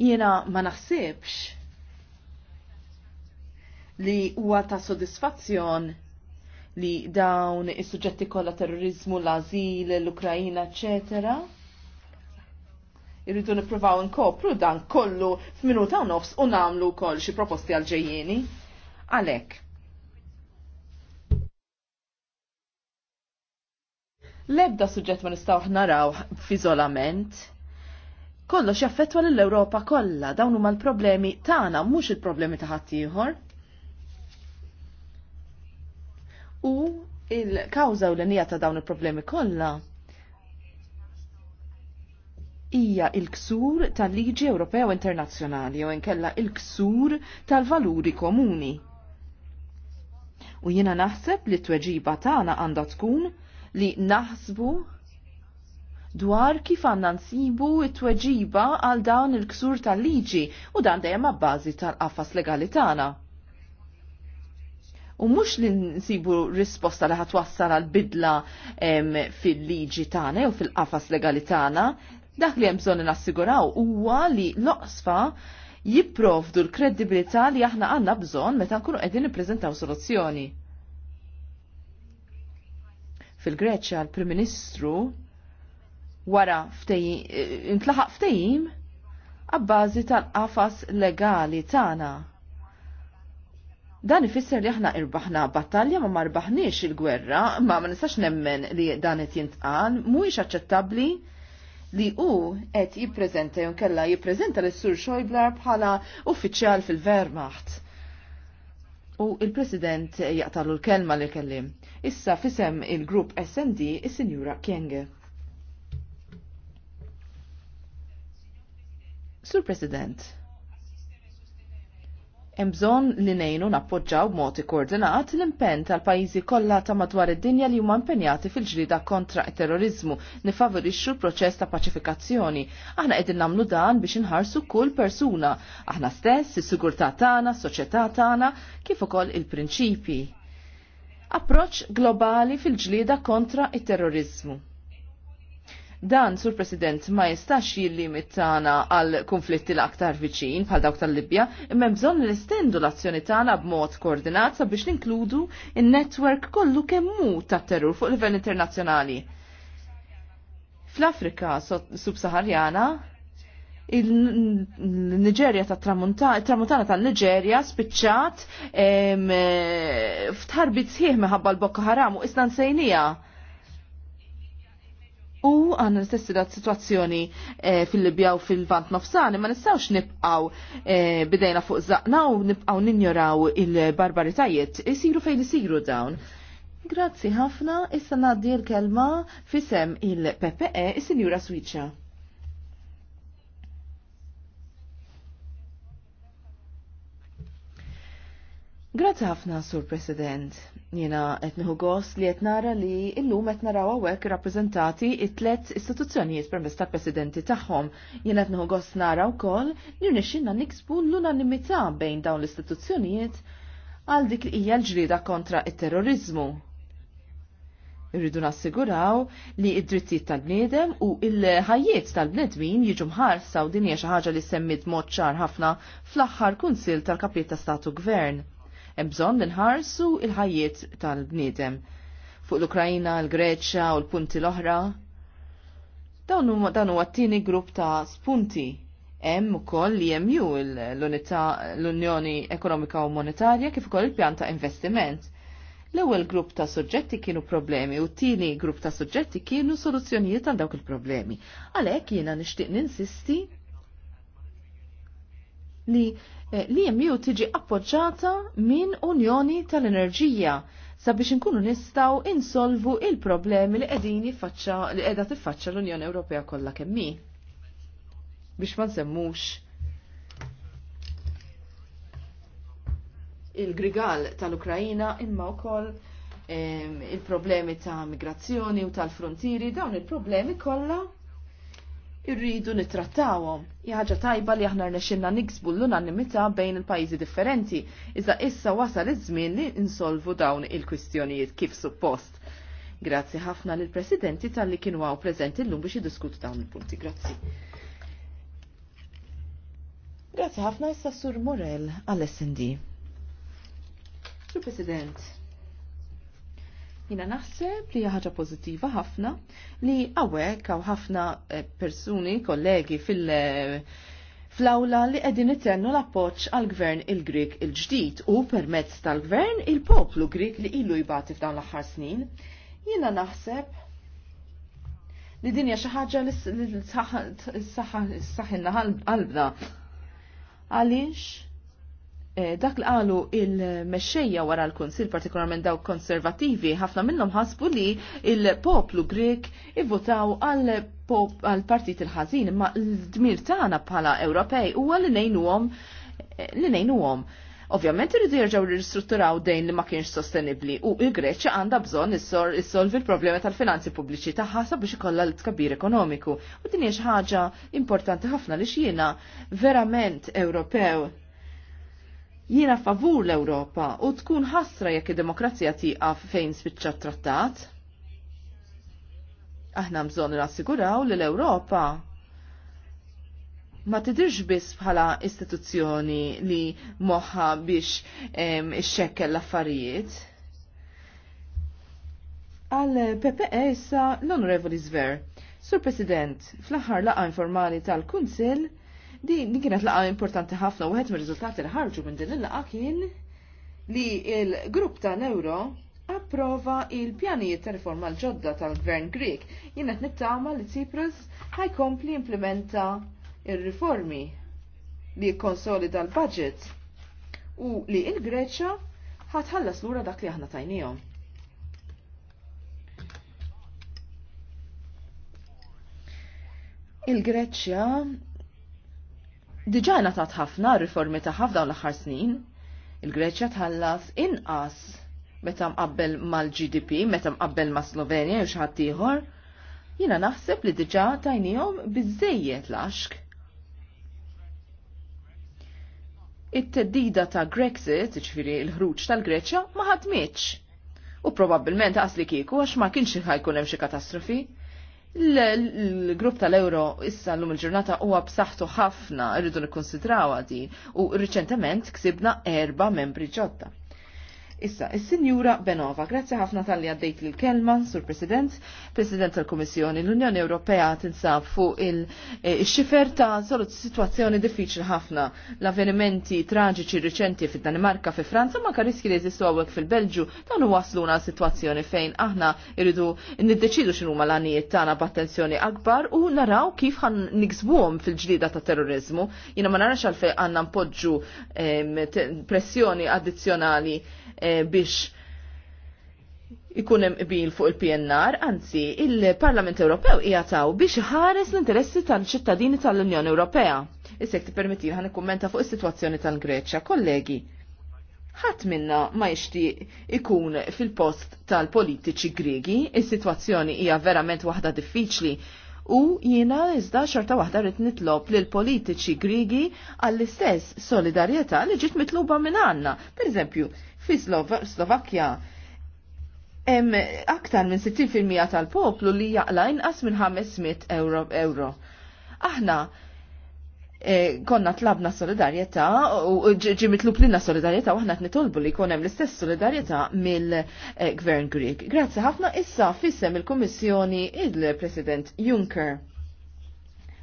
jena ma naħsibx li huwa ta' sodisfazzjon li dawn is-suġġetti kollha terrorizmu, l-azil, l-Ukrajina, eccetera? Irridu nippruvaw nkopru dan kollu f'minuta u nofs u nagħmlu wkoll xi proposti għal ġejjieni. Għalhekk. L-ebda suġġett ma nistgħu naraw f'iżolament. Kollox jaffettwa lill-Ewropa kollha dawn huma l-problemi tagħna mhux il-problemi ta' ħaddieħor. u il-kawza u l-nija ta' dawn il-problemi kollha hija il-ksur tal-liġi Ewropew internazzjonali u nkella il-ksur tal-valuri komuni. U jiena naħseb li t-tweġiba tagħna għandha tkun li naħsbu dwar kif għanna nsibu t-tweġiba għal dawn il-ksur tal-liġi u dan dejjem bażi tal-qafas legali tagħna. U mux li nsibu risposta li ħatwassal għal bidla fil-liġi tagħna jew fil-qafas legali tagħna, dak li hemm bżonn nassiguraw huwa li l-oqsfa jipprovdu l-kredibilità li aħna għandna bżonn meta nkunu qegħdin nippreżentaw soluzzjoni. Fil-Greċja l-Prim Ministru wara ftejim eh, ftejim għabbażi tal-qafas legali tagħna Dan ifisser li aħna irbaħna battalja ma marbaħniex il-gwerra, ma ma nistax nemmen li dan qed jintqan, mhuwiex aċċettabbli li hu qed jippreżenta jew kella jippreżenta l sur Schäuble bħala uffiċjal fil-Wehrmacht. U il-President jaqtalu l-kelma li kellim. Issa fisem il-grupp SND is-Sinjura Kienge. Sur President, Hemm bżonn li ngħinu nappoġġaw b'mod ikkoordinat l-impenn tal-pajjiżi kollha ta' madwar id-dinja li huma impenjati fil-ġlida kontra t-terrorizmu nifavorixxu l-proċess ta' paċifikazzjoni. Aħna qegħdin nagħmlu dan biex inħarsu kull persuna, aħna stess, is-sigurtà tagħna, s-soċjetà tagħna, kif ukoll il-prinċipji. Approċċ globali fil-ġlida kontra it-terrorizmu. Dan, sur President, ma jistax jillimitana għal konflitti l-aktar viċin bħal dawk tal-Libja, imma bżonn nistendu l-azzjoni tagħna b'mod koordinat sabiex ninkludu in-netwerk kollu kemmu tat-terror fuq livell internazzjonali. Fl-Afrika subsaharjana, il-Nigeria ta' tramuntana, tramuntana ta' Nigeria spiċċat eh, f'tħarbit sħiħ meħabba l-Boko Haram u isna nsejnija U għanna l-istess situazzjoni eh, fil-Libja u fil-Vant nofsani, ma nistawx nibqaw eh, bidejna fuq zaqna u nibqaw ninjoraw il-barbaritajiet. Isiru fejn isiru dawn. Grazzi ħafna, issa naddi l-kelma fisem il-PPE, is-Sinjura Swiċċa. Grazzi ħafna, Sur President. Jena etniħu gost li etnara li qed etnaraw għawek rappresentati it-tlet istituzzjonijiet permess tal-presidenti tagħhom. Jena etniħu gost nara wkoll li nixxinna niksbu l-unanimità bejn dawn l-istituzzjonijiet għal dik li hija l-ġrida kontra it-terrorizmu. Irridu nassiguraw li id-drittijiet tal-bniedem u il-ħajjiet tal-bnedmin jiġu mħarsa u din hija xi ħaġa li semmit mod ċar ħafna fl-aħħar kunsil tal kapiet ta' Statu Gvern bżonn inħarsu il-ħajjiet tal-bniedem. Fuq l ukrajina l-Greċja u l-punti l-oħra. Dawn huwa t-tieni grupp ta' spunti hemm ukoll li jemju l-Unjoni Ekonomika u Monetarja kif ukoll il-pjan ta' investiment l-ewwel grupp ta' suġġetti kienu problemi u t-tieni grupp ta' suġġetti kienu soluzzjonijiet għal dawk il-problemi. Għalhekk jiena nixtieq ninsisti li Eh, li jemmiju tiġi appoġġata minn Unjoni tal-Enerġija sabiex inkunu nistaw insolvu il-problemi li qegħdin li qiegħda tiffaċċa l-Unjoni Ewropea kollha kemm Biex ma nsemmux il-grigal tal-Ukrajina imma wkoll il-problemi ta' migrazzjoni u tal-frontieri dawn il-problemi kollha irridu nittrattawhom. ħaġa tajba li aħna rnexxinna niksbu l-unanimità bejn il-pajjiżi differenti, iżda issa wasal iż-żmien li insolvu dawn il-kwistjonijiet kif suppost. Grazzi ħafna lill presidenti tal-li kienu għaw preżenti llum biex jiddiskutu dawn il-punti. Grazzi. Grazzi ħafna issa Sur Morel għall-SND. Sur President, Jina naħseb li ħaġa pozittiva ħafna li għawek għaw ħafna persuni, kollegi fil- fl-awla li qegħdin tennu l-appoġġ għal gvern il-Grik il-ġdid u permezz tal-gvern il-poplu Grik li ilu jbati f'dawn l-aħħar snin. Jiena naħseb li dinja xi ħaġa li saħħinna qalbna. Għaliex Eh, dak li qalu il-mexxejja wara l kunsill partikolarment dawk konservativi ħafna minnhom ħasbu li il-poplu Grek ivvotaw għal għal partit il-ħażin imma l-dmir tagħna bħala Ewropej huwa li ngħinuhom eh, li ngħinuhom. Ovvjament irridu jerġgħu ristrutturaw dejn li ma kienx sostenibbli u l-Greċja għandha bżonn issolvi l-problema tal-finanzi pubbliċi tagħha sabiex ikollha l-tkabbir ekonomiku. U din hija xi ħaġa importanti ħafna li xjiena verament Ewropew Jiena favur l-Ewropa u tkun ħasra jekk id-demokrazija tieqa fejn spiċċa trattat. Aħna bżonn nassiguraw li l-Ewropa ma tidirx biss bħala istituzzjoni li moħħa biex ixxekkel l-affarijiet. Għal PPE issa l-Onorevoli Zver, Sur President, fl-aħħar laqa informali tal-Kunsill, Din kienet laqa importanti ħafna u għed mir-riżultati li ħarġu minn din il-laqa kien li il-grupp ta' Newro approva il-pjanijiet ta' riforma l-ġodda tal-Gvern Grek. Jien qed nittama li Tsipras ħajkompli implementa il-riformi li konsolida l-budget u li il-Greċa ħatħallas lura dak li aħna tajnijom. Il-Greċja diġana ta' ħafna riformi ta' ħafna l-aħħar snin, il-Greċja tħallas inqas meta mqabbel mal-GDP, meta mqabbel ma' Slovenja u xaħat ieħor, jiena naħseb li diġà tajnihom biżejjed laxk. It-teddida ta' Grexit, ġifieri l-ħruġ tal-Greċja, ma ħadmitx. U probabbilment għasli kieku għax ma kienx ħajkun hemm xi katastrofi l-grupp tal-euro issa l-lum il-ġurnata huwa b'saħħtu ħafna rridu nikkonsidraw din u riċentement ksibna erba' membri ġodda. Issa, il-Sinjura Benova, grazzi ħafna tal-li għaddejt l-kelma, sur President, President tal-Komissjoni, l-Unjoni Ewropea tinsab fuq il-xifer eh, ta' situazzjoni diffiċli ħafna. L-avvenimenti traġiċi riċenti fid danimarka fi Franza, ma kariski li jesistu għawek fil-Belġu, dan waslu wasluna situazzjoni fejn aħna irridu niddeċidu xinu ma l-għanijiet tana b'attenzjoni akbar u naraw kif ħan niksbuhom fil-ġlida ta' terrorizmu. Jina ma narax għalfej għanna npoġġu pressjoni addizzjonali biex ikun hemm fuq il-PNR, anzi il-Parlament Ewropew jgħataw biex ħares l-interessi tal-ċittadini tal-Unjoni Ewropea. Isek permetti ħan ikkummenta fuq is-sitwazzjoni tal-Greċja, kollegi. Ħadd minna ma jixtieq ikun fil-post tal-politiċi Griegi, is-sitwazzjoni hija verament waħda diffiċli u jiena iżda xorta waħda rrit nitlob lil politiċi gregi għall-istess solidarjetà li ġiet mitluba minn għandna. Per eżempju, Fi Slovakkja hemm aktar minn 60% tal-poplu li jaqla inqas minn 500 euro. euro. Aħna eh, konna tlabna solidarjetà u ġi mitlub lilna solidarjetà u aħna nitolbu li jkun hemm l-istess solidarjetà mill-Gvern eh, Grieg. Grazzi ħafna issa fissem il-Kummissjoni il-President Juncker.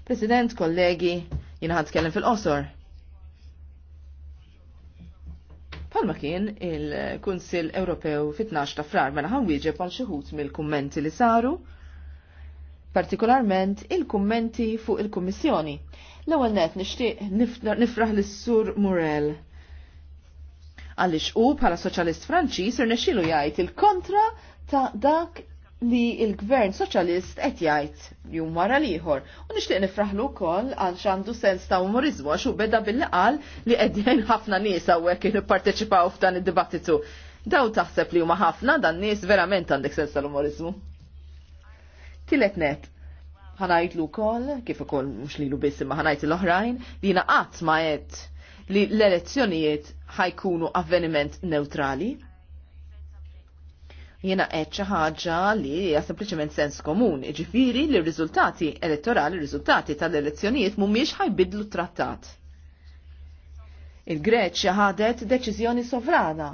President, kollegi, jina ħad fil-qosor Palma kien il-Kunsil Ewropew fit-12 ta' frar mela wieġeb għal xi mill-kummenti li saru, partikolarment il-kummenti fuq il-Kummissjoni. L-ewwel net nixtieq nifraħ lis-Sur Murel għaliex u bħala soċjalist Franċiż irnexxielu jgħid il-kontra ta' dak li il-gvern soċjalist qed jgħid jum wara liħor u nixtieq nifraħlu wkoll għal x'għandu sens ta' umorizmu għax beda billi qal li qegħdin ħafna nies hawnhekk ipparteċipaw f'dan id-dibattitu. Daw taħseb li huma ħafna dan nies verament għandek sens tal-umorizmu. Tilet net, ħanajtlu wkoll kif ukoll mhux lilu biss imma ħanajt l-oħrajn, li qatt ma qed li l-elezzjonijiet ħajkunu avveniment neutrali, jena qed xi ħaġa li hija sempliċement sens komun, iġifiri li r-riżultati elettorali, r-riżultati tal-elezzjonijiet mhumiex ħajbidlu trattat. Il-Greċja ħadet deċiżjoni sovrana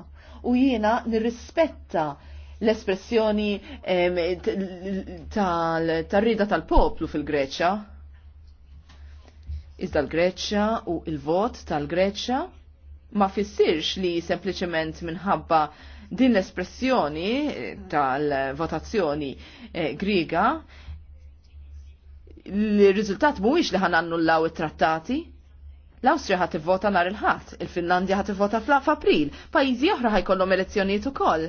u jiena nirrispetta l-espressjoni tal-rida tal-poplu fil-Greċja. Iżda l-Greċja u il-vot tal-Greċja ma fissirx li sempliċement minħabba Din l-espressjoni tal-votazzjoni eh, griga l-riżultat mhuwiex li ħanannullaw it-trattati. L-Awstrija ħat ivvota nhar il-ħadd, il-Finlandja ħat ivvota f'April, pajjiżi oħra ħajkollhom elezzjonijiet ukoll.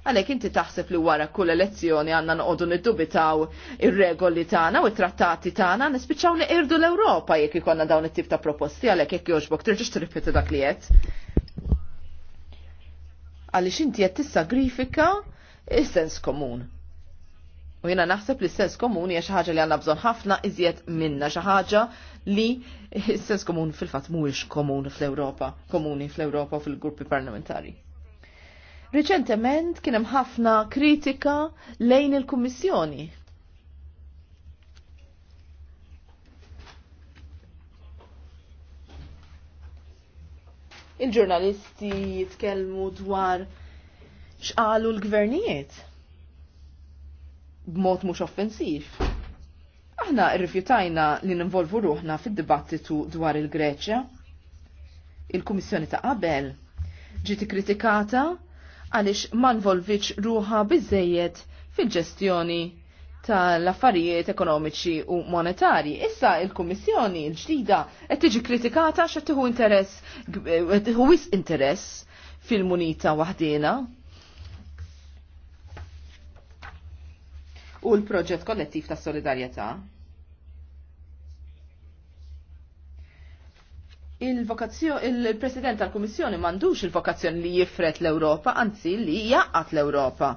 Għalek inti taħseb li wara kull elezzjoni għanna noqogħdu niddubitaw ir-regoli tagħna u t-trattati tagħna nispiċċaw li irdu l-Ewropa jekk ikollna dawn it-tip ta' proposti għalek jekk jogħġbok tirġix tirripeti dak li qed għaliex inti qed grifika il sens komun. U jena naħseb li s-sens komun hija xaħġa ħaġa li għandna bżonn ħafna iżjed minna xi ħaġa li s-sens komun fil-fatt mhuwiex komun fl-Ewropa, komuni fl-Ewropa u fil-gruppi parlamentari. Reċentement kien hemm ħafna kritika lejn il-Kummissjoni il-ġurnalisti jitkellmu dwar xqalu l-gvernijiet. B'mod mhux offensiv. Aħna rrifjutajna li ninvolvu ruħna fid-dibattitu dwar il-Greċja. Il-Kummissjoni ta' qabel ġiet kritikata għaliex ma nvolvitx ruħa biżejjed fil-ġestjoni tal-affarijiet ekonomiċi u monetari, Issa il-Kummissjoni l-ġdida qed tiġi kritikata għax tieħu interess tieħu wis interess fil-munita waħdina. U l-proġett kollettiv ta' solidarjetà. Il-President il tal-Kummissjoni mandux il-vokazzjoni li jifret l-Ewropa, anzi li jaqqat l-Ewropa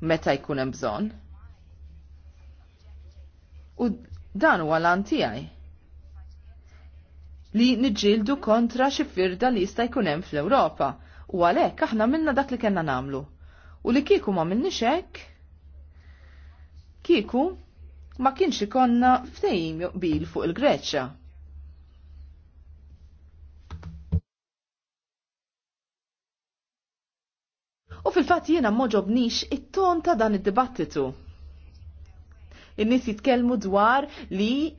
meta jkun hemm bżonn. U dan huwa lan tiegħi li niġġieldu kontra xi firda li jista' jkun hemm fl-Ewropa u għalhekk aħna minna dak li kellna nagħmlu. U li kieku ma minnix hekk, kieku ma kienx ikonna ftehim joqbil fuq il-Greċċa. U fil-fatt jiena moġobnix it-ton ta' dan id-dibattitu. In-nies jitkellmu dwar li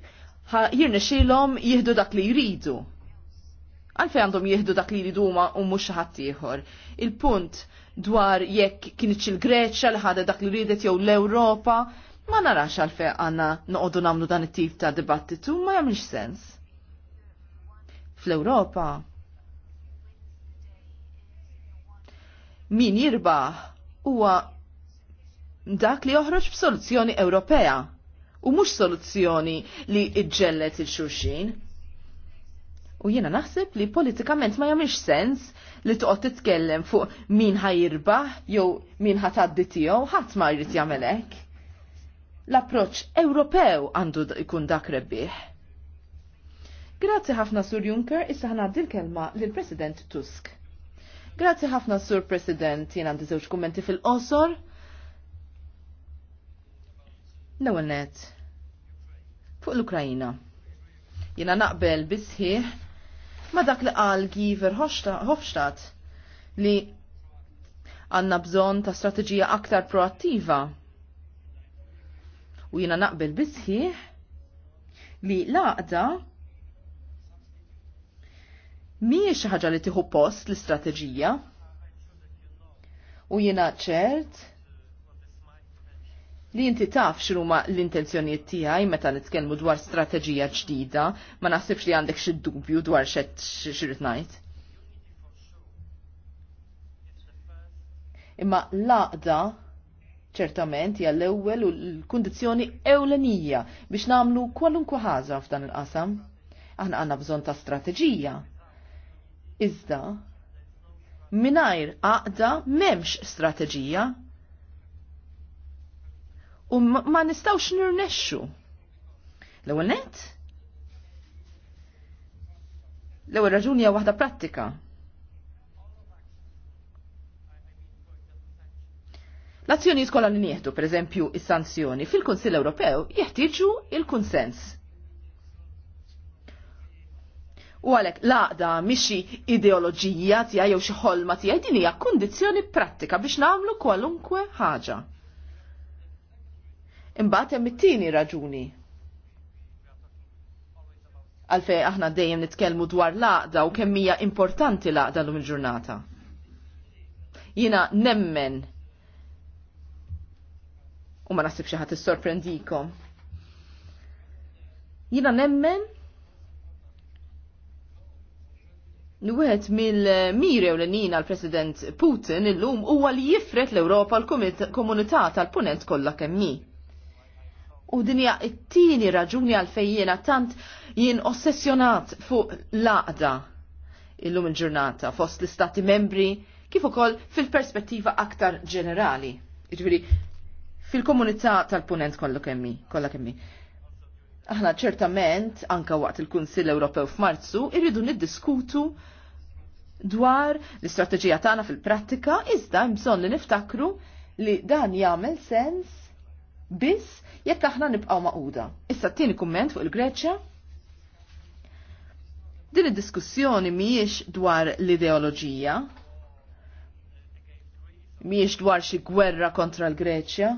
xilom jieħdu dak li jridu għalfej għandhom jihdu dak li ma u mux ħadd ieħor. Il-punt dwar jekk kien il-Greċja li ħadet dak li jridet jew l-Ewropa, ma narax għalfej għanna noqogħdu nagħmlu dan it-tip ta' dibattitu ma jagħmilx sens. Fl-Ewropa min jirbaħ huwa dak li joħroġ b'soluzzjoni Ewropea u mhux soluzzjoni li iġġellet il-xulxin. U jiena naħseb li politikament ma jagħmilx sens li toqgħod titkellem fuq min ħajirbaħ jew min ħatgħaddi tiegħu ħadd ma jrid jagħmel hekk. L-approċċ Ewropew għandu jkun dak rebbieħ. Grazzi ħafna Sur Juncker, issa ħnaddi l-kelma lill-President Tusk. Grazzi ħafna Sur President, jien għandi żewġ kummenti fil-qosor. L-ewwel net. Fuq l-Ukrajina. Jiena naqbel bisħieħ ma dak li qal Giver Hofstadt li għandna bżonn ta' strateġija aktar proattiva. U jiena naqbel bisħiħ li laqda mhijiex xi ħaġa li tieħu post l-istrateġija. U jiena ċert li inti taf x'huma l-intenzjonijiet tiegħi meta nitkellmu dwar strateġija ġdida, ma naħsibx li għandek xi dubju dwar x'irid ngħid. Imma laqda ċertament hija l-ewwel u l-kundizzjoni ewlenija biex nagħmlu kwalunkwe ħaġa f'dan il-qasam. Aħna għandna bżonn ta' strateġija Iżda, minajr għaqda memx strateġija u ma nistawx nirnexxu. L-ewwel net? L-ewwel raġuni hija waħda prattika. L-azzjonijiet kollha li nieħdu, pereżempju, is-sanzjoni fil-Kunsill Ewropew jeħtieġu il-kunsens U għalek laqda mixi ideoloġija tija jew xi ħolma tija din hija kundizzjoni prattika biex nagħmlu kwalunkwe ħaġa. Imbagħad hemm it-tieni raġuni. Għalfej aħna dejjem nitkellmu dwar laqda u kemm hija importanti laqda lum il-ġurnata. Jiena nemmen u ma nasibx ħadd issorprendikom. Jiena nemmen Nwet mill-mirew l nina l-President Putin illum huwa li jifret l-Ewropa l-komunità tal-punent kollha kemmi. U dinja it-tieni raġuni għal-fejjena tant jien ossessjonat fuq l-aqda illum il-ġurnata fost l-istati membri kif ukoll fil-perspettiva aktar ġenerali. Jiġifieri fil-komunità tal-punent kollha kemmi, kollha kemmi. Aħna ċertament, anka waqt il-Kunsill Ewropew f'Marzu, irridu niddiskutu dwar l-istrateġija tagħna fil-prattika, iżda bżonn li niftakru li dan jagħmel sens biss jekk aħna nibqgħu maquda. Issa t-tieni kumment fuq il-Greċja. Din id-diskussjoni mhijiex dwar l-ideoloġija, mhijiex dwar xi gwerra kontra l-Greċja,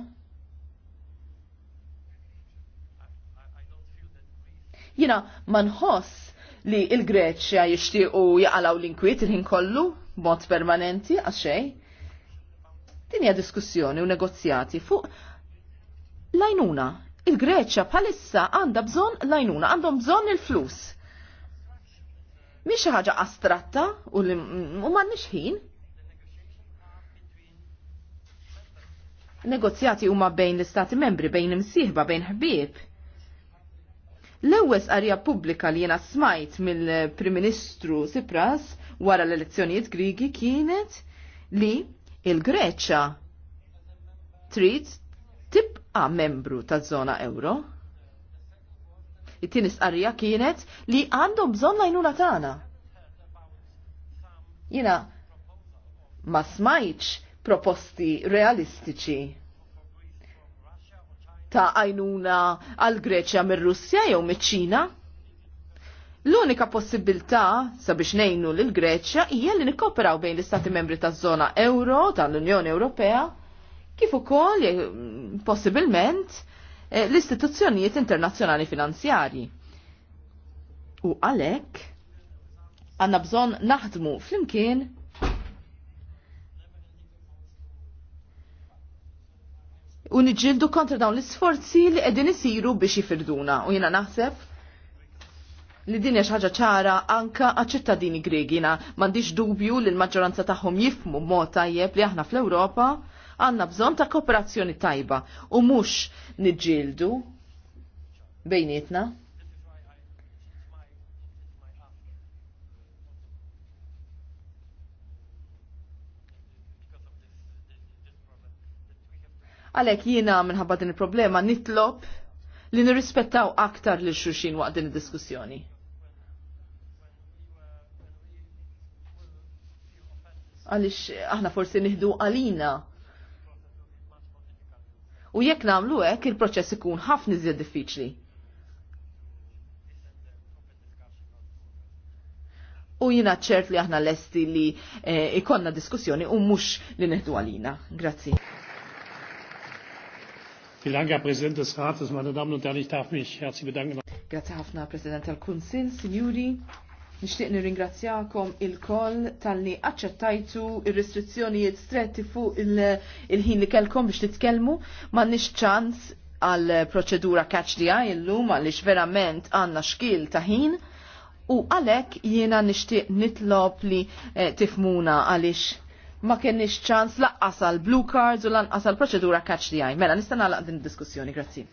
Jina manħoss li il-Greċja u jaqalaw l-inkwiet il-ħin kollu, bot permanenti, għaxej. Din diskussjoni u negozjati fuq lajnuna. Il-Greċja palissa għandha bżonn lajnuna, għandhom bżonn il-flus. Mish ħaġa astratta u m'għandniex ħin. Negozjati huma bejn l-istati membri, bejn imsieħba, bejn ħbieb L-ewwel qarja pubblika li jiena smajt mill-Prim Ministru Sipras wara l-elezzjonijiet Grigi kienet li il-Greċa trid tibqa' membru taż-żona euro. It-tieni qarja kienet li għandhom bżonn għajnuna tagħna. Jiena ma smajtx proposti realistiċi ta' għajnuna għal Greċja mir russja jew miċ-Ċina? L-unika possibilità sabiex nejnu lil greċja hija li nikkoperaw bejn l-Istati membri taż-żona euro tal-Unjoni Ewropea kif ukoll eh, possibilment eh, l-istituzzjonijiet internazzjonali finanzjarji. U għalhekk għandna bżonn naħdmu flimkien u niġġieldu kontra dawn l-isforzi li qegħdin isiru biex jifirduna u jiena naħseb li din hija ħaġa ċara anka għaċ-ċittadini Gregina. M'għandix dubju li l-maġġoranza tagħhom jifmu mod tajjeb li aħna fl-Ewropa għandna bżonn ta' kooperazzjoni tajba u mhux niġġieldu bejnietna. Għalek jina minħabba din il-problema nitlob li nirrispettaw aktar li xuxin waqt din il-diskussjoni. Għalix aħna forsi nihdu għalina. U jekk namlu hekk il-proċess ikun ħafna iżjed diffiċli. U jina ċert li aħna lesti li eh, ikonna diskussjoni u mux li neħdu għalina. Grazzi. Vielen Dank, Herr Präsident des Rates, meine Damen und Herren, ich darf mich herzlich bedanken. Grazie ħafna, President tal-Kunsil, Signori. Nishtiq nirringrazzjakom il-koll tal-li aċċettajtu il-restrizzjonijiet stretti fuq il-ħin li kelkom biex titkellmu, ma nix ċans għal proċedura catch di għaj illum għalix verament għanna xkil ta' ħin u għalek jiena nishtiq nitlop li eh, tifmuna għalix ma kenniex ċans laqqas għal blue cards u lanqas għal proċedura catch the eye. Mela, nista' nagħlaq din id-diskussjoni, grazzi.